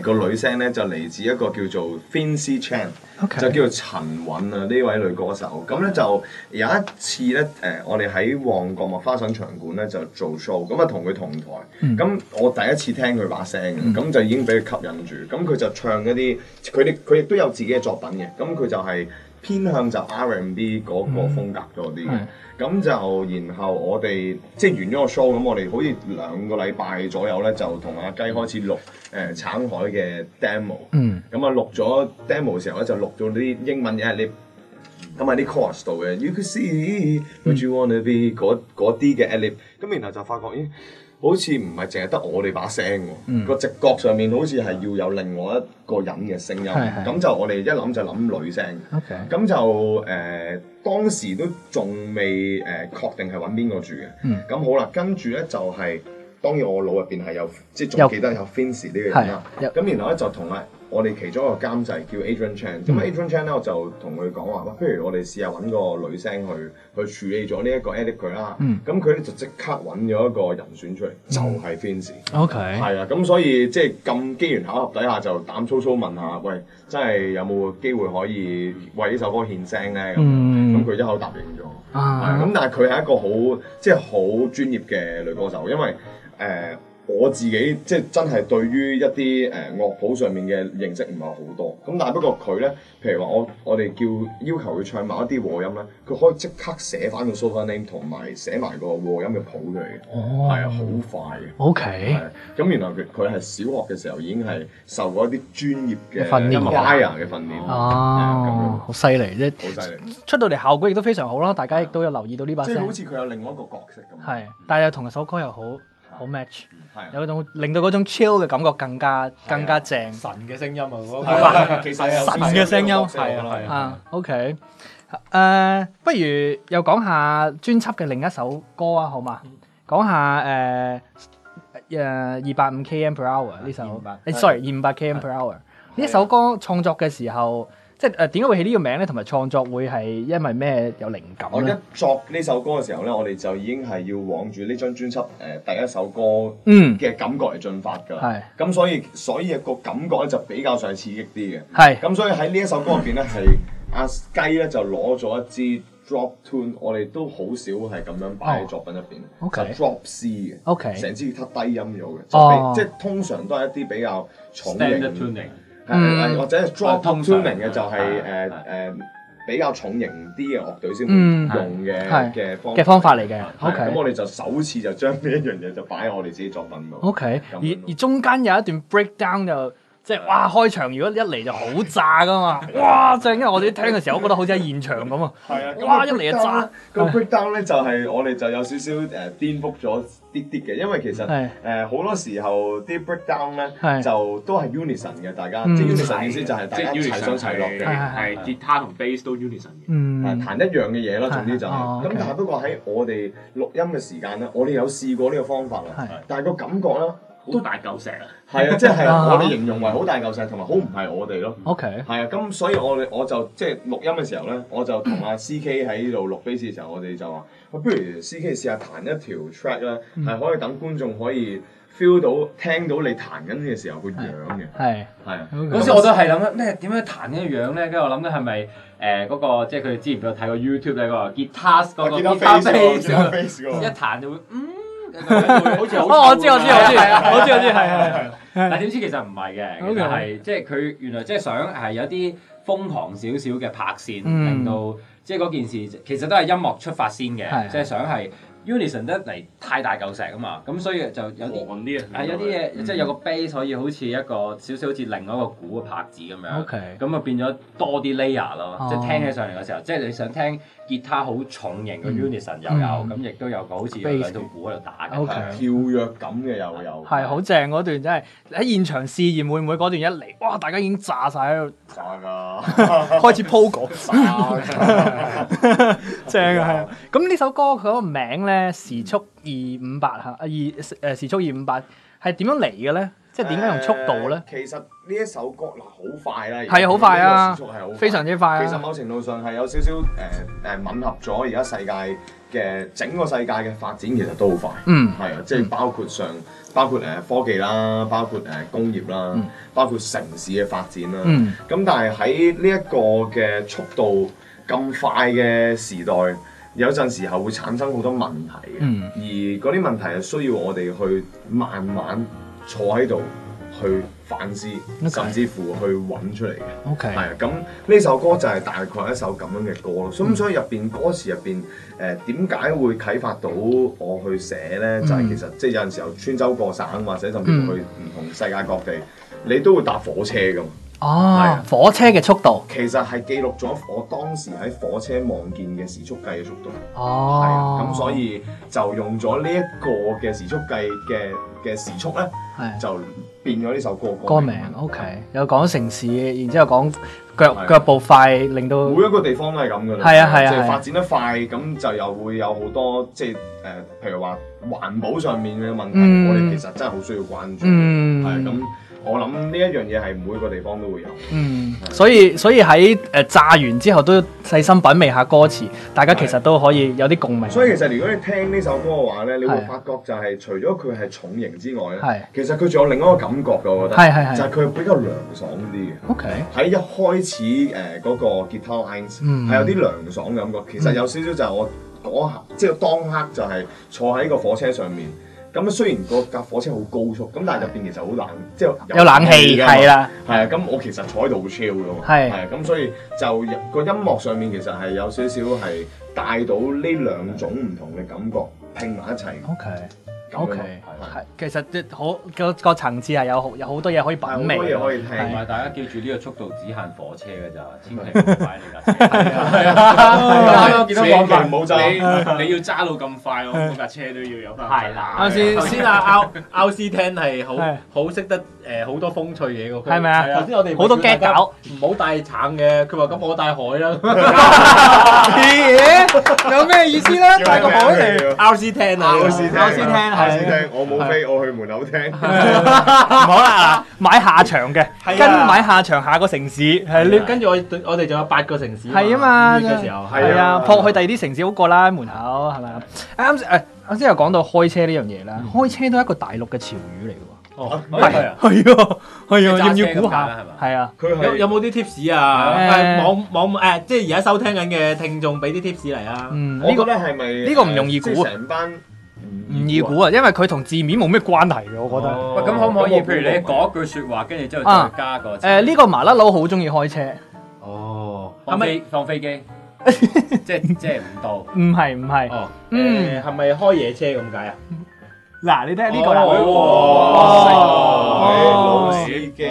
誒個女聲咧就嚟自一個叫做 Fincy Chan。Okay. 就叫做陳韻啊呢位女歌手，咁咧就有一次咧誒，我哋喺旺角麥花臣場館咧就做 show，咁啊同佢同台，咁、嗯、我第一次聽佢把聲咁、嗯、就已經俾佢吸引住，咁佢就唱一啲，佢哋佢亦都有自己嘅作品嘅，咁佢就係偏向就 R&B 嗰個風格多啲嘅。嗯嗯。咁就然後我哋即係完咗個 show 咁，我哋好似兩個禮拜左右咧，就同阿雞開始錄誒、呃、橙海嘅 demo。嗯。咁啊，錄咗 demo 時候咧，就錄咗啲英文 ad-lib，咁喺啲 chorus 度嘅。You could see would you wanna be 嗰啲嘅 ad-lib 咁然後就發覺咦～好似唔係淨係得我哋把聲喎，個、嗯、直覺上面好似係要有另外一個人嘅聲音，咁就我哋一諗就諗女聲，咁 okay, 就誒、呃、當時都仲未誒確、呃、定係揾邊個住嘅，咁、嗯、好啦，跟住咧就係、是、當然我腦入邊係有，有即係仲記得有 Finnish 呢樣嘢啦，咁然後咧就同埋。我哋其中一個監製叫 Adrian Chan，咁啊 Adrian Chan 咧我就同佢講話，喂，譬如我哋試下揾個女聲去去處理咗呢一個 edit 佢啦，咁佢咧就即刻揾咗一個人選出嚟，嗯、就係 Fanis，OK，係啊，咁所以即係咁機緣巧合底下就膽粗粗問下，喂，真係有冇機會可以為呢首歌獻聲咧？咁咁佢一口答應咗。啊，咁但係佢係一個好即係好專業嘅女歌手，因為誒。呃我自己即係真係對於一啲誒樂譜上面嘅認識唔係好多，咁但係不過佢咧，譬如話我我哋叫要求佢唱某一啲和音咧，佢可以即刻寫翻個 sol-fa name 同埋寫埋個和音嘅譜出嚟嘅，係啊好快嘅。OK。咁原來佢佢係小學嘅時候已經係受過一啲專業嘅 training 嘅訓練。哦，好犀利啫！好犀利，出到嚟效果亦都非常好啦。大家亦都有留意到呢把聲，即係好似佢有另外一個角色咁。係，但係同一首歌又好。好 match，有嗰種令到嗰種 chill 嘅感覺更加、啊、更加正、啊。神嘅聲音啊，神嘅聲音係啊，OK，誒，uh，不如又講下專輯嘅另一首歌啊，好嘛？嗯？講下誒誒二百五 km per hour 呢首，誒 sorry 二百五 km per hour 呢首歌創作嘅時候。即係誒，點解會起呢個名咧？同埋創作會係因為咩有靈感？我一作呢首歌嘅時候咧，我哋就已經係要往住呢張專輯誒第一首歌嘅感覺嚟進發噶。係咁、嗯、所以所以個感覺咧就比較上刺激啲嘅。係咁是所以喺呢一首歌入邊咧係阿雞咧就攞咗一支 drop tune，我哋都好少係咁樣擺喺作品入邊，哦、okay, 就 drop C 嘅，成支吉他低音咗嘅，哦、即係通常都係一啲比較重嘅。嗯，或者 drop tuning 嘅就係誒誒比較重型啲嘅樂隊先用嘅嘅方嘅方法嚟嘅。OK，咁我哋就首次就將呢一樣嘢就擺喺我哋自己作品度。O K，而而中間有一段 breakdown 就即係哇開場，如果一嚟就好炸噶嘛！哇，正因為我哋聽嘅時候，我覺得好似喺現場咁啊！係啊，哇一嚟就炸。個 breakdown 咧就係我哋就有少少誒顛覆咗。啲啲嘅，因為其實誒好多時候啲 breakdown 咧就都係 unison 嘅，大家即係 unison 意思就係大家齊上齊落嘅，係吉他同 bass 都 unison 嘅，係彈一樣嘅嘢咯，總之就係，咁但係不過喺我哋錄音嘅時間咧，我哋有試過呢個方法啦，但係個感覺咧。好大嚿石啊！係啊，即、就、係、是、我哋形容為好大嚿石，同埋好唔係我哋咯。OK。係啊，咁所以我哋，我就即係、就是、錄音嘅時候呢，我就同阿 C K 喺度錄 face 嘅時候，我哋就話：就不如 C K 試下彈一條 track 啦、嗯，係可以等觀眾可以 feel 到聽到你彈緊嘅時候樣、okay. 時樣樣是是呃那個樣嘅。係、那個。係、那個、啊。嗰時我都係諗緊咩點樣彈嘅樣呢？跟住我諗緊係咪誒嗰個即係佢之前有睇過 YouTube 咧嗰個 guitar 嗰個 face 嘅，一彈就會、嗯 好似好我知我知我知，我知我知係係係。但點知其實唔係嘅，Okay. 就原來係即係佢原來即係想係有啲瘋狂少少嘅拍線，mm. 令到即係嗰件事其實都係音樂出發先嘅，即係的想係 Unison 得嚟太大嚿石啊嘛，咁所以就有啲啊、嗯、有啲嘢即係有個 base，可以好似一個少少好似另外一個鼓嘅拍子咁樣，咁 Okay. 就變咗多啲 layer 咯，即、就、係、是、聽起上嚟嘅時候，即係、oh. 你想聽。吉他好重型嘅 unison、嗯、又有，咁亦都有個好似兩套鼓喺度打嘅，okay, 跳躍感嘅又有。係好正嗰段真係喺現場試驗，會唔會嗰段一嚟，哇！大家已經炸晒喺度，炸㗎的， 開始 pogo，正啊！咁呢 首歌佢個名呢，時速二五八嚇，二誒時速二五八係點樣嚟嘅呢？即係點解用速度咧、呃？其實呢一首歌，嗱好、啊、快啦，係啊是，好快啊，速速快非常之快、啊。其實某程度上係有少少誒誒吻合咗而家世界嘅、整個世界嘅發展其實都好快，嗯，係啊，即係包括上、嗯、包括誒、呃、科技啦，包括誒、呃、工業啦，嗯、包括城市嘅發展啦，咁、嗯、但係喺呢一個嘅速度咁快嘅時代，有陣時候會產生好多問題嘅、嗯，而嗰啲問題係需要我哋去慢慢。坐喺度去反思，Okay. 甚至乎去揾出嚟嘅，係 Okay. 啊。咁呢首歌就係大概一首咁樣嘅歌咯。咁、嗯、所以入邊歌詞入邊，誒、呃，點解會啟發到我去寫呢？就係、是、其實即係有陣時候穿州過省，或者甚至、嗯、去唔同世界各地，你都會搭火車噶嘛。哦、啊，啊、火車嘅速度，其實係記錄咗我當時喺火車望見嘅時速計嘅速度。哦，啊，咁所以就用咗呢一個嘅時速計嘅。嘅時速咧，係就變咗呢首歌歌名。OK，有講城市，然之後講腳腳步快，令到每一個地方都係咁噶啦。係啊係啊，即係發展得快，咁就又會有好多即係誒，譬如話環保上面嘅問題，我哋其實真係好需要關注。係咁。我諗呢一樣嘢係每一個地方都會有，嗯，所以所以喺誒炸完之後都細心品味下歌詞，大家其實都可以有啲共鳴。所以其實如果你聽呢首歌嘅話咧，你會發覺就係除咗佢係重型之外咧，的其實佢仲有另一個感覺嘅，我覺得係係係，的就係佢比較涼爽啲嘅。OK，喺的一開始誒嗰個吉他 lines 係、嗯、有啲涼爽嘅感覺，其實有少少就我嗰刻即係當刻就係坐喺個火車上面，咁啊，雖然個架火車好高速，咁但係入邊其實好冷，的即係有，有冷氣嘅係啦。係啊的，咁我其實坐喺度好 chill 噶喎。係啊的，咁所以就個音樂上面其實係有少少係帶到呢兩種唔同嘅感覺拼埋一齊。OK OK 係，其實嘅好個個層次係有好有好多嘢可以品味，係唔係？大家記住呢個速度只限火車嘅咋，千祈唔好擺呢架車。啱啱見到講緊，你你要揸到咁快哦，嗰架車都要有分。係啦，啱先，先啊，奧奧斯汀係好好識得誒好多風趣嘢嘅。係咪啊？頭先我哋好多驚狗，唔好帶橙嘅。佢話：咁我帶海啦，有咩意思咧？帶個海嚟，奧斯汀啊，奧斯汀，奧斯汀，係。冇飛我去門口聽，唔好啦，買下場嘅，跟買下場下個城市，係你跟住我，我哋仲有八個城市，係啊嘛，時候係啊，撲去第二啲城市好過啦，門口係咪啱先，誒啱先又講到開車呢樣嘢啦，開車都係一個大陸嘅潮語嚟㗎喎，係啊係啊，係啊，要唔要估下係嘛？係啊，有有冇啲 tips 啊？網網誒，即係而家收聽緊嘅聽眾，俾啲 tips 嚟啊！我覺得係咪呢個唔容易估？成班。唔易估啊，因為佢同字面冇咩關係嘅，我覺得。喂，咁可唔可以，譬如你講一句說話，跟住之後再加個。誒，呢個麻甩佬好中意開車。哦。係咪放飛機？即係即係唔到。唔係唔係。哦。誒，係咪開夜車咁解啊？嗱，你睇呢個啦。哇！開飛機。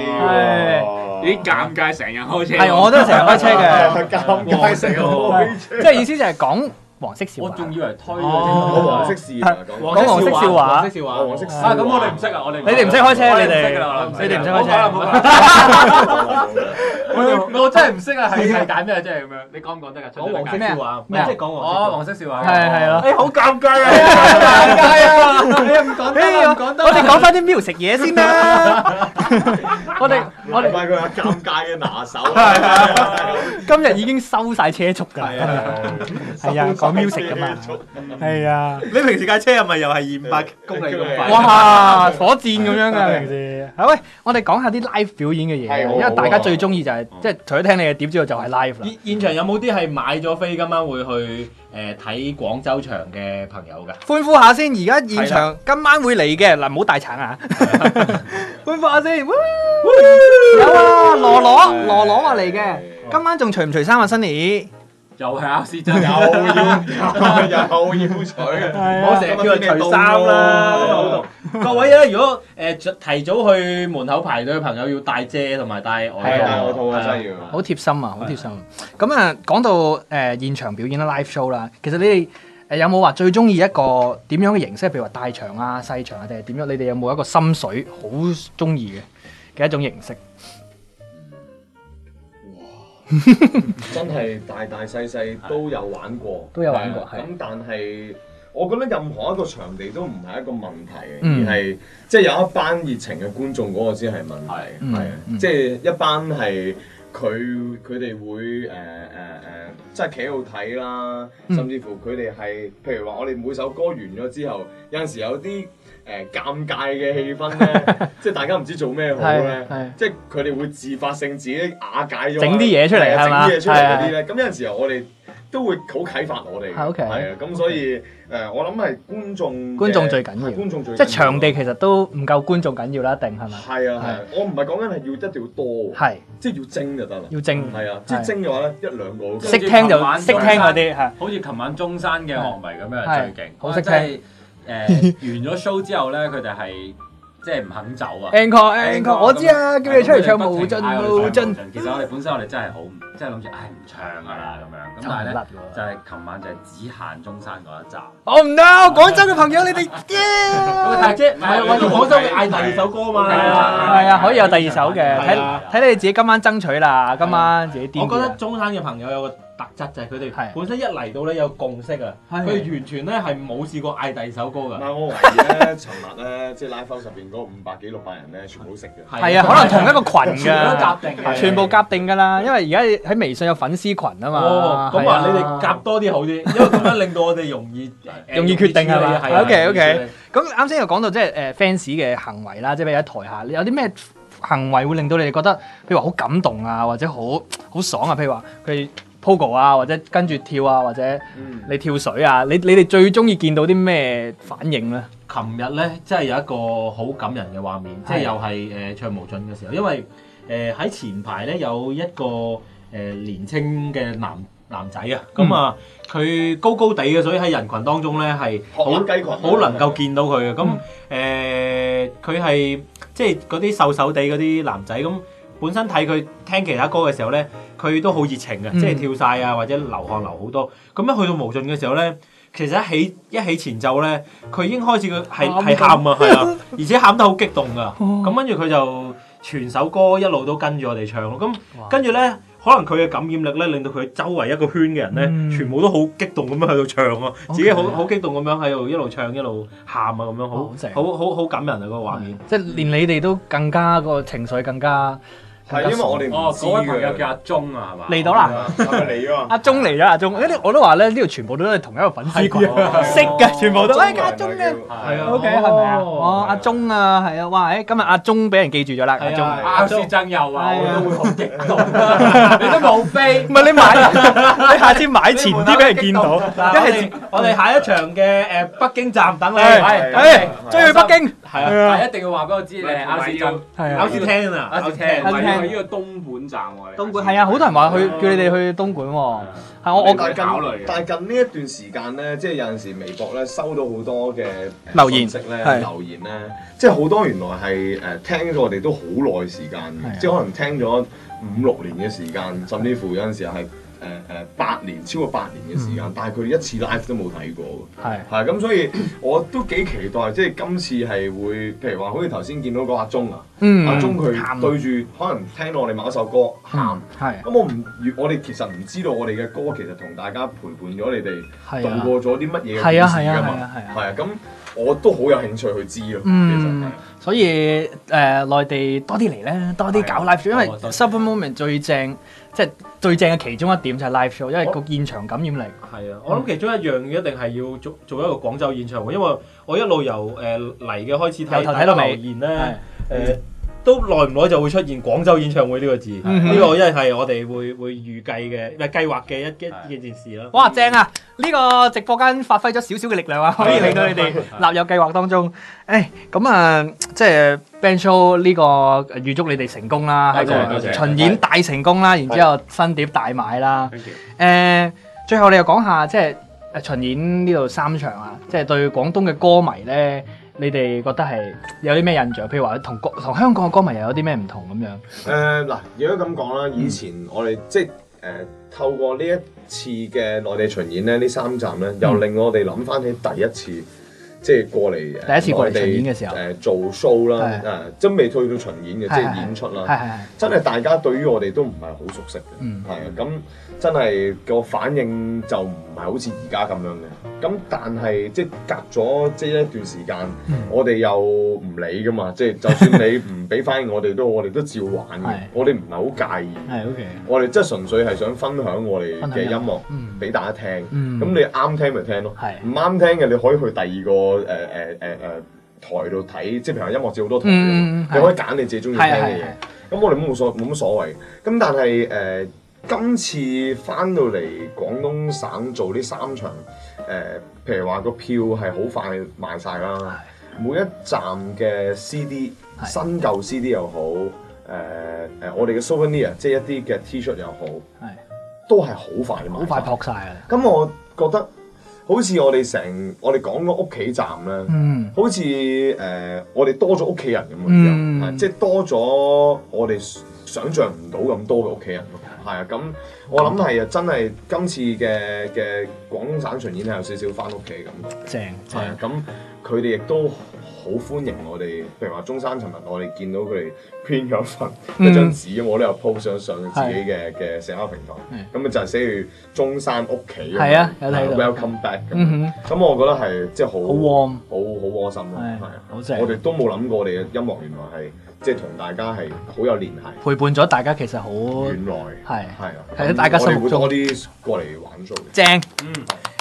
你尷尬成日開車。係，我都係成日開車嘅。尷尬成日開車。即係意思就係講。黃色笑話，我仲以為推呢啲黃色事業講黃色笑話，黃色笑話，黃色。啊，咁我哋唔識啊，我哋你哋唔識開車，你哋，你哋唔識開車。我真係唔識啊，係係揀咩？真係咁樣，你講唔講得㗎？講黃色咩話？咩啊？講黃色笑話，係係咯。你好尷尬啊！尷尬啊！你又唔講得？唔我哋講翻啲 music 食嘢先啦。我哋。我哋話佢係尷尬嘅拿手，今日已經收晒車速㗎，係啊，講 music 㗎嘛，係啊，你平時架車係咪又係二百公里咁快？哇，火箭咁樣㗎平時。啊喂，我哋講下啲 live 表演嘅嘢，因為大家最鍾意就係即係除咗聽你嘅碟之外，就係 live 啦。現場有冇啲係買咗飛今晚會去？誒，睇、呃、廣州場嘅朋友噶，歡呼下先！而家現場的今晚會嚟嘅嗱，唔好大橙啊！ 歡呼下先，有啊，羅羅羅羅啊嚟嘅，哦、今晚仲除唔除衫啊，Sunny？又係亞視就又要，又又要取嘅，唔好成日叫佢除衫啦。各位咧，如果誒提早去門口排隊嘅朋友，要帶遮同埋帶外套，好貼心啊，好貼心、啊。咁啊對、嗯，講到誒現場表演啦，live show 啦，其實你哋誒有冇話最中意一個點樣嘅形式？譬如話大場啊、細場啊，定係點樣？你哋有冇一個心水好中意嘅嘅一種形式？ 真係大大細細都有玩過，都有玩過。咁的的但係，我覺得任何一個場地都唔係一個問題，嗯、而係即係有一班熱情嘅觀眾嗰個先係問題。係、呃呃呃，即係一班係佢佢哋會誒誒誒，即係企喺度睇啦，甚至乎佢哋係，嗯、譬如話我哋每首歌完咗之後，有陣時有啲。誒尷尬嘅氣氛咧，即係大家唔知做咩好咧，即係佢哋會自發性自己瓦解咗，整啲嘢出嚟啊，整啲嘢出嚟嗰啲咧。咁有陣時候我哋都會好啟發我哋。O K。係啊，咁所以誒，我諗係觀眾，觀眾最緊要，觀眾最，即係場地其實都唔夠觀眾緊要啦，一定係咪？係啊，係啊。我唔係講緊係要一定要多，係即係要精就得啦。要精。係啊，即係精嘅話咧，一兩個。識聽就玩，識聽嗰啲，係，好似琴晚中山嘅學迷咁樣最勁，好識聽。誒完咗 show 之後咧，佢哋係即係唔肯走啊！Encore，encore 我知啊，叫你出嚟唱無盡無盡。其實我哋本身我哋真係好，即係諗住唉唔唱㗎啦咁樣。咁但係咧就係琴晚就係只限中山嗰一站。Oh no！廣州嘅朋友你哋，大隻，唔係我要廣州嘅嗌第二首歌啊嘛。係啊，係啊，可以有第二首嘅。睇睇你自己今晚爭取啦，今晚自己。我覺得中山嘅朋友有個。特質就係佢哋本身一嚟到咧有共識啊，佢哋完全咧係冇試過嗌第二首歌噶。唔我懷疑咧，尋日咧即係拉 i 入邊嗰五百幾六百人咧，全部食嘅。係啊，可能同一個群嘅，全部夾定，全部夾定噶啦。因為而家喺微信有粉絲群啊嘛。哦，咁啊，你哋夾多啲好啲，因為咁樣令到我哋容易容易決定係嘛。OK OK。咁啱先又講到即係誒 fans 嘅行為啦，即係譬如喺台下你有啲咩行為會令到你哋覺得，譬如話好感動啊，或者好好爽啊，譬如話佢。Pogo 啊，或者跟住跳啊，或者你跳水啊，你你哋最中意見到啲咩反應呢？琴日呢，真係有一個好感人嘅畫面，即係又係誒唱無盡嘅時候，因為誒喺前排呢，有一個誒年青嘅男男仔啊，咁啊佢高高地嘅，所以喺人群當中呢，係好好能夠見到佢嘅。咁誒佢係即係嗰啲瘦瘦地嗰啲男仔咁。本身睇佢聽其他歌嘅時候咧，佢都好熱情嘅，即係跳晒啊，或者流汗流好多。咁樣去到無盡嘅時候咧，其實一起一起前奏咧，佢已經開始佢係係喊啊，係啊，而且喊得好激動噶。咁跟住佢就全首歌一路都跟住我哋唱咯。咁跟住咧，可能佢嘅感染力咧，令到佢周圍一個圈嘅人咧，全部都好激動咁樣喺度唱囉，自己好好激動咁樣喺度一路唱一路喊啊，咁樣好好好好感人啊嗰個畫面，即係連你哋都更加個情緒更加。係，因為我哋哦，嗰位朋友叫阿鐘啊，係嘛？嚟到啦，阿鐘嚟咗阿鐘，呢我都話咧，呢度全部都係同一個粉絲羣，識嘅全部都，喂阿鐘嘅，OK 係咪啊？哦阿鐘啊，係啊，哇誒，今日阿鐘俾人記住咗啦，阿鐘阿曾佑啊，我好勁啊，你都冇飛，唔係你買，你下次買前啲俾人見到，一係我哋下一場嘅誒北京站等你。哋，誒追去北京。係啊，係一定要話俾我知，你阿啱先聽啊，啱先聽，唔呢個東莞站喎。東莞站係啊，好多人話去叫你哋去東莞喎。我我但係近，但係近呢一段時間咧，即係有陣時微博咧收到好多嘅留言息咧，留言咧，即係好多原來係誒聽咗我哋都好耐時間，即係可能聽咗五六年嘅時間，甚至乎有陣時係。誒誒八年超過八年嘅時間，但係佢一次 live 都冇睇過㗎。係係咁，所以我都幾期待，即係今次係會譬如話，好似頭先見到嗰阿鐘啊，阿鐘佢對住可能聽落嚟某一首歌喊。係咁，我唔我哋其實唔知道，我哋嘅歌其實同大家陪伴咗你哋度過咗啲乜嘢嘅故事㗎嘛。係啊，係啊，係啊。係啊，咁我都好有興趣去知啊。嗯，所以誒，內地多啲嚟咧，多啲搞 live，因為 Supper Moment 最正。即係最正嘅其中一點就係 live show，因為個現場感染力，哦。係、嗯、啊，我諗其中一樣一定係要做做一個廣州演唱會，因為我一路由誒嚟嘅開始睇，由頭睇到尾。都耐唔耐就會出現廣州演唱會呢個字，呢個一係我哋會會預計嘅，計劃嘅一一一件事咯。嗯、哼哇，正啊！呢、這個直播間發揮咗少少嘅力量啊，可以令到你哋納入計劃當中。誒、 哎，咁啊，即、就、係、是、Ben Show 呢、這個預祝你哋成功啦，喺、啊、個謝巡演大成功啦，謝然之後新碟大賣啦。誒好謝、啊，最後你又講下即係、就是、巡演呢度三場啊，即、就、係、是、對廣東嘅歌迷咧。你哋覺得係有啲咩印象？譬如話同國同香港嘅歌迷又有啲咩唔同咁樣？誒嗱、呃，如果咁講啦，以前我哋、嗯、即係誒、呃、透過呢一次嘅內地巡演咧，呢三站咧又令我哋諗翻起第一次、嗯、即係過嚟嘅第一次過嚟巡演嘅時候，誒、呃、做 show 啦的，誒真、啊、未去到巡演嘅，即係的演出啦，真係大家對於我哋都唔係好熟悉嘅，係咁、嗯。真係、個反應就唔係好似而家咁樣嘅。咁但係即係隔咗即一段時間，嗯、我哋又唔理噶嘛。即係就算你唔俾反應我， 我哋都是我哋都照玩。嘅。我哋唔係好介意。Okay、我哋即係純粹係想分享我哋嘅音樂俾大家聽。咁、 嗯嗯、你啱聽咪聽咯。唔啱是聽嘅你可以去第二個誒誒誒誒台度睇。即係譬如音樂節好多台，嗯、你可以揀你自己中意聽嘅嘢。咁的的我哋冇所冇乜所謂。咁但係誒。呃今次翻到嚟廣東省做呢三場，誒、呃，譬如話個票係好快賣晒啦，的每一站嘅 CD，的新舊 CD 又好，誒、呃、誒、呃呃，我哋嘅 Souvenir，即係一啲嘅 T-shirt 又好，的都係好快嘅嘛。好快撲晒啊！咁我覺得好似我哋成，我哋講個屋企站咧，嗯、好似誒、呃，我哋多咗屋企人咁樣，即係、嗯、多咗我哋想象唔到咁多嘅屋企人。係啊，咁。我諗係啊，真係今次嘅嘅廣東省巡演係有少少翻屋企嘅感覺，正正咁佢哋亦都好歡迎我哋，譬如話中山尋日我哋見到佢哋編咗份一張紙，我都有 po 上上自己嘅嘅社交平台，咁咪、嗯、就係寫住中山屋企，係啊，welcome back 咁，咁我覺得係即係好很 warm，好好窩心咯，係，正我哋都冇諗過我哋嘅音樂原來係即係同大家係好有聯繫，陪伴咗大家其實好遠來，係係。.大家心目中，嗯、多過玩玩正。嗯。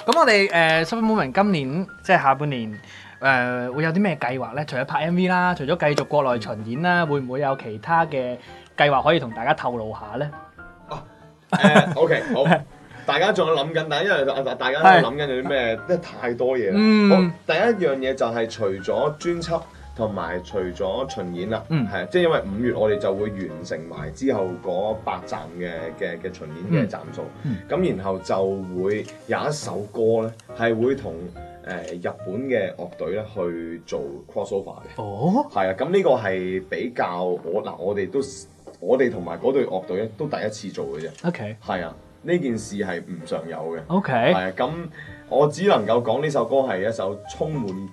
咁我哋誒、呃、Supper Moment 今年即係下半年誒、呃、會有啲咩計劃咧？除咗拍 MV 啦，除咗繼續國內巡演啦，會唔會有其他嘅計劃可以同大家透露下咧？哦。OK 好。大家仲喺諗緊，但係因為大家喺度諗緊有啲咩？即係 太多嘢。嗯好。第一樣嘢就係除咗專輯。同埋除咗巡演啦，係啊、嗯，即係因為五月我哋就會完成埋之後嗰八站嘅嘅嘅巡演嘅站數，咁、嗯、然後就會有一首歌咧係會同誒、呃、日本嘅樂隊咧去做 crossover 嘅，哦，係啊，咁呢個係比較我嗱、呃、我哋都我哋同埋嗰隊樂隊咧都第一次做嘅啫，OK，係啊，呢件事係唔常有嘅，OK，係啊，咁我只能夠講呢首歌係一首充滿。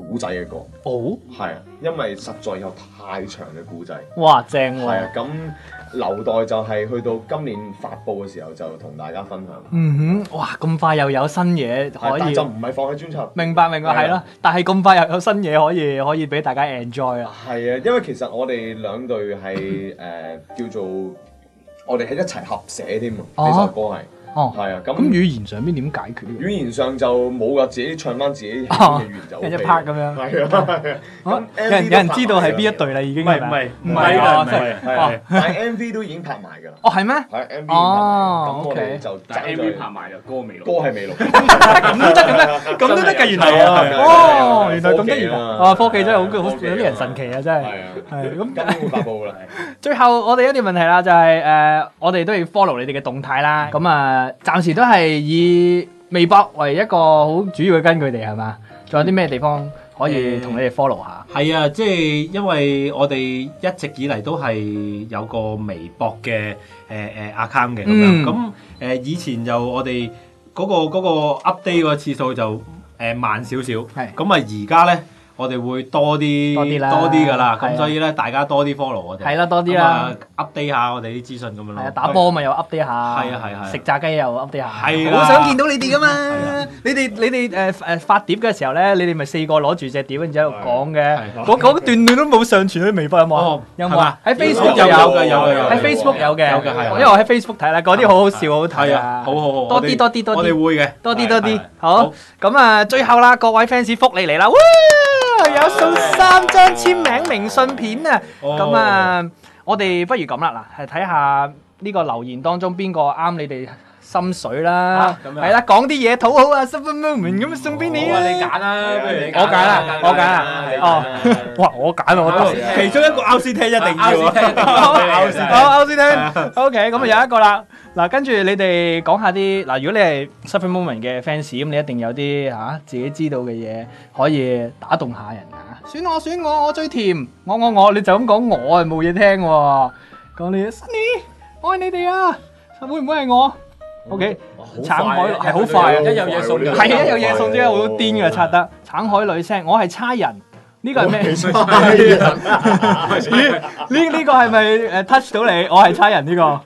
古仔嘅歌，哦，係啊、oh?，因為實在有太長嘅古仔。哇，正喎！係啊，咁留待就係去到今年發布嘅時候就同大家分享。嗯哼，哇，咁快又有新嘢可以，但就唔係放喺專輯。明白，明白，係咯的。的但係咁快又有新嘢可以，可以俾大家 enjoy 啊！係啊，因為其實我哋兩隊係誒叫做我哋係一齊合寫添、oh? 啊，呢首歌係。哦，係啊，咁語言上邊點解決？語言上就冇話自己唱翻自己嘅原奏，一拍咁樣。係啊，有人知道係邊一隊啦，已經係唔係，唔係啊，唔係啊，MV 都已經拍埋噶啦。哦，係咩？係 MV 哦，OK，就但 MV 拍埋啦，歌未落，歌係未落，咁都得咁咧，咁都得嘅原來哦，原來咁得原來啊，科技真係好，好有啲人神奇啊，真係。係啊，係啊，咁梗係會發布啦。最後我哋一啲問題啦，就係誒，我哋都要 follow 你哋嘅動態啦。咁啊。誒，暫時都係以微博為一個好主要嘅根據地係嘛？仲有啲咩地方可以同你哋 follow 下？係、嗯、啊，即係因為我哋一直以嚟都係有個微博嘅誒誒 account 嘅咁樣，咁誒、嗯呃、以前就我哋嗰、嗰個、嗰個 update、嗰個 up 次數就誒、呃、慢少少，係咁啊而家咧。我哋會多啲多啲噶啦，咁所以咧，大家多啲 follow 我哋係啦，多啲啦 update 下我哋啲資訊咁樣咯。打波咪又 update 下，係啊係啊，食炸雞又 update 下，係好想見到你哋噶嘛！你哋你哋誒誒發碟嘅時候咧，你哋咪四個攞住隻碟，然之後講嘅嗰嗰段都冇上傳喺微博有冇啊？喺 Facebook 有嘅，有嘅，喺 Facebook 有嘅，有嘅，因為我喺 Facebook 睇啦，嗰啲好好笑，好睇啊！好啊好多啲多啲多啲，我哋會嘅多啲多啲好咁啊！最後啦，各位 fans 福利嚟啦！有送三張簽名明信片啊！咁啊，我哋不如咁啦，嗱，係睇下呢個留言當中邊個啱你哋心水啦，係啦，講啲嘢，討好啊，Supper Moment 咁送俾你啊！我揀啦，我揀啦，我揀啦，哦，哇，我揀咯，我都其中一個，歐詩汀一定要，歐詩汀，好，歐詩汀，OK，咁啊有一個啦，嗱，跟住你哋講下啲嗱，如果你係 Supper Moment 嘅 fans，咁你一定有啲吓自己知道嘅嘢可以打動下人啊！選我，選我，我最甜，我我我，你就咁講我，冇嘢聽喎，講你，Sunny，愛你哋啊，會唔會係我？O.K. 橙海係好快啊，一有嘢送，係啊，一有嘢送啫，係好癲嘅，刷得橙海女聲，我係差人。呢個係咩？呢呢個係咪誒 touch 到你？我係差人呢個。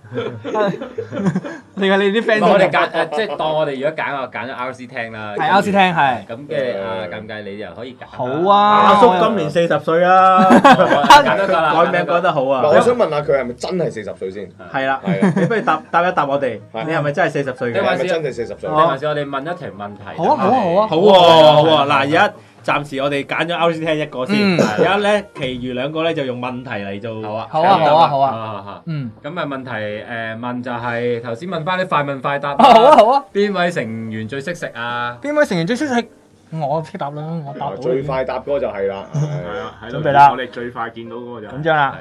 定係你啲 friend？我哋揀即係當我哋如果揀，我揀咗 R C 聽啦。係 R C 聽係。咁嘅啊，咁計你又可以揀。好啊。阿叔今年四十歲，得㗎啦。改名改得好啊！我想問下佢係咪真係四十歲先？係啦。係。不如答答一答我哋，你係咪真係四十歲？你係咪真係四十歲？我哋問一題問題。好啊好啊好啊。好啊！好啊！嗱而家。暫時我哋揀咗歐詩軒一個先，而家咧其餘兩個咧就用問題嚟做。好啊，好啊，好啊，好啊。嗯，咁啊問題誒問就係頭先問翻啲快問快答。好啊，好啊。邊位成員最識食啊？邊位成員最識食？我識答啦，我答到。最快答個就係啦，係啦，準備啦。我哋最快見到個就咁樣啦。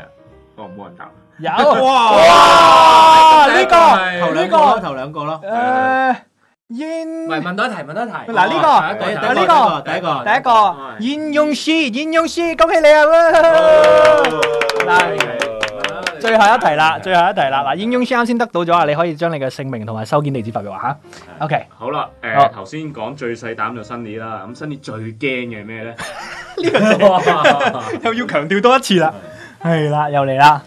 哦，冇人答。有哇！呢個呢個頭兩個咯。唔係問多一題，問多一題。嗱，呢個有呢個，第一個，第一個。應用師，應用師，恭喜你啊！嗱，最後一題啦，最後一題啦。嗱，應用師啱先得到咗啊，你可以將你嘅姓名同埋收件地址發俾我吓。OK，好啦。誒，頭先講最細膽就 Sunny 啦，咁 Sunny 最驚嘅係咩咧？呢個又要強調多一次啦。係啦，又嚟啦。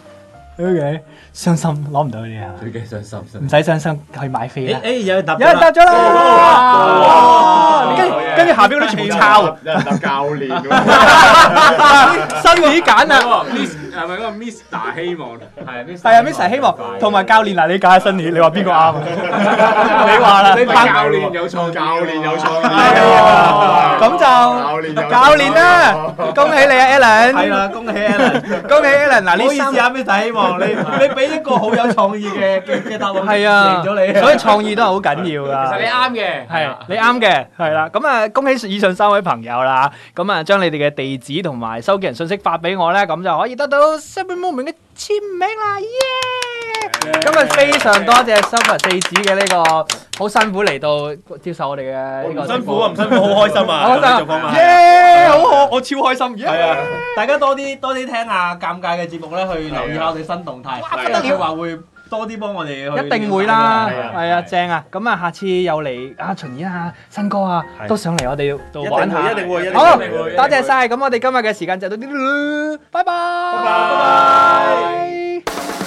OK。傷心攞唔到嗰啲係最驚傷心，唔使傷心，傷心，傷心去買飛啦！誒、欸欸、有答有人搭咗啦！跟住跟住下邊嗰啲全部抄人，人哋教練，收 你啲揀，啊係咪嗰個 Mister 希望？係，係啊，Mister 希望同埋教練嗱，你解下新年，你話邊個啱？你話啦，你教練有錯，教練有錯，係啊，咁就教練啦，恭喜你啊，Allen，係啦，恭喜 Allen，恭喜 Allen。嗱，呢三，Mister 希望，你你俾一個好有創意嘅嘅答案，係啊，贏咗你，所以創意都係好緊要㗎。其實你啱嘅，係，你啱嘅，係啦。咁啊，恭喜以上三位朋友啦。咁啊，將你哋嘅地址同埋收件人信息發俾我咧，咁就可以得到。Supper Moment 嘅簽名啦，耶、yeah!！Yeah, 今日非常多謝 Super、yeah. 四子嘅呢個，好辛苦嚟到接受我哋嘅。辛苦啊，唔辛苦，好開心啊、 好開心啊！耶，yeah, Yeah. 好好，我超開心！係啊，大家多啲多啲聽下、啊、尷尬嘅節目咧，去留意下我哋新動態。佢話、啊、會。多啲幫我哋一定會啦，係啊，正啊，咁啊，下次又嚟阿秦怡啊，新歌啊，都上嚟我哋要玩下，一定會，一定會，多謝晒！咁我哋今日嘅時間就到呢度，拜拜，拜拜。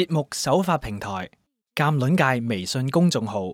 節目首發平台：鑒撚界微信公眾號。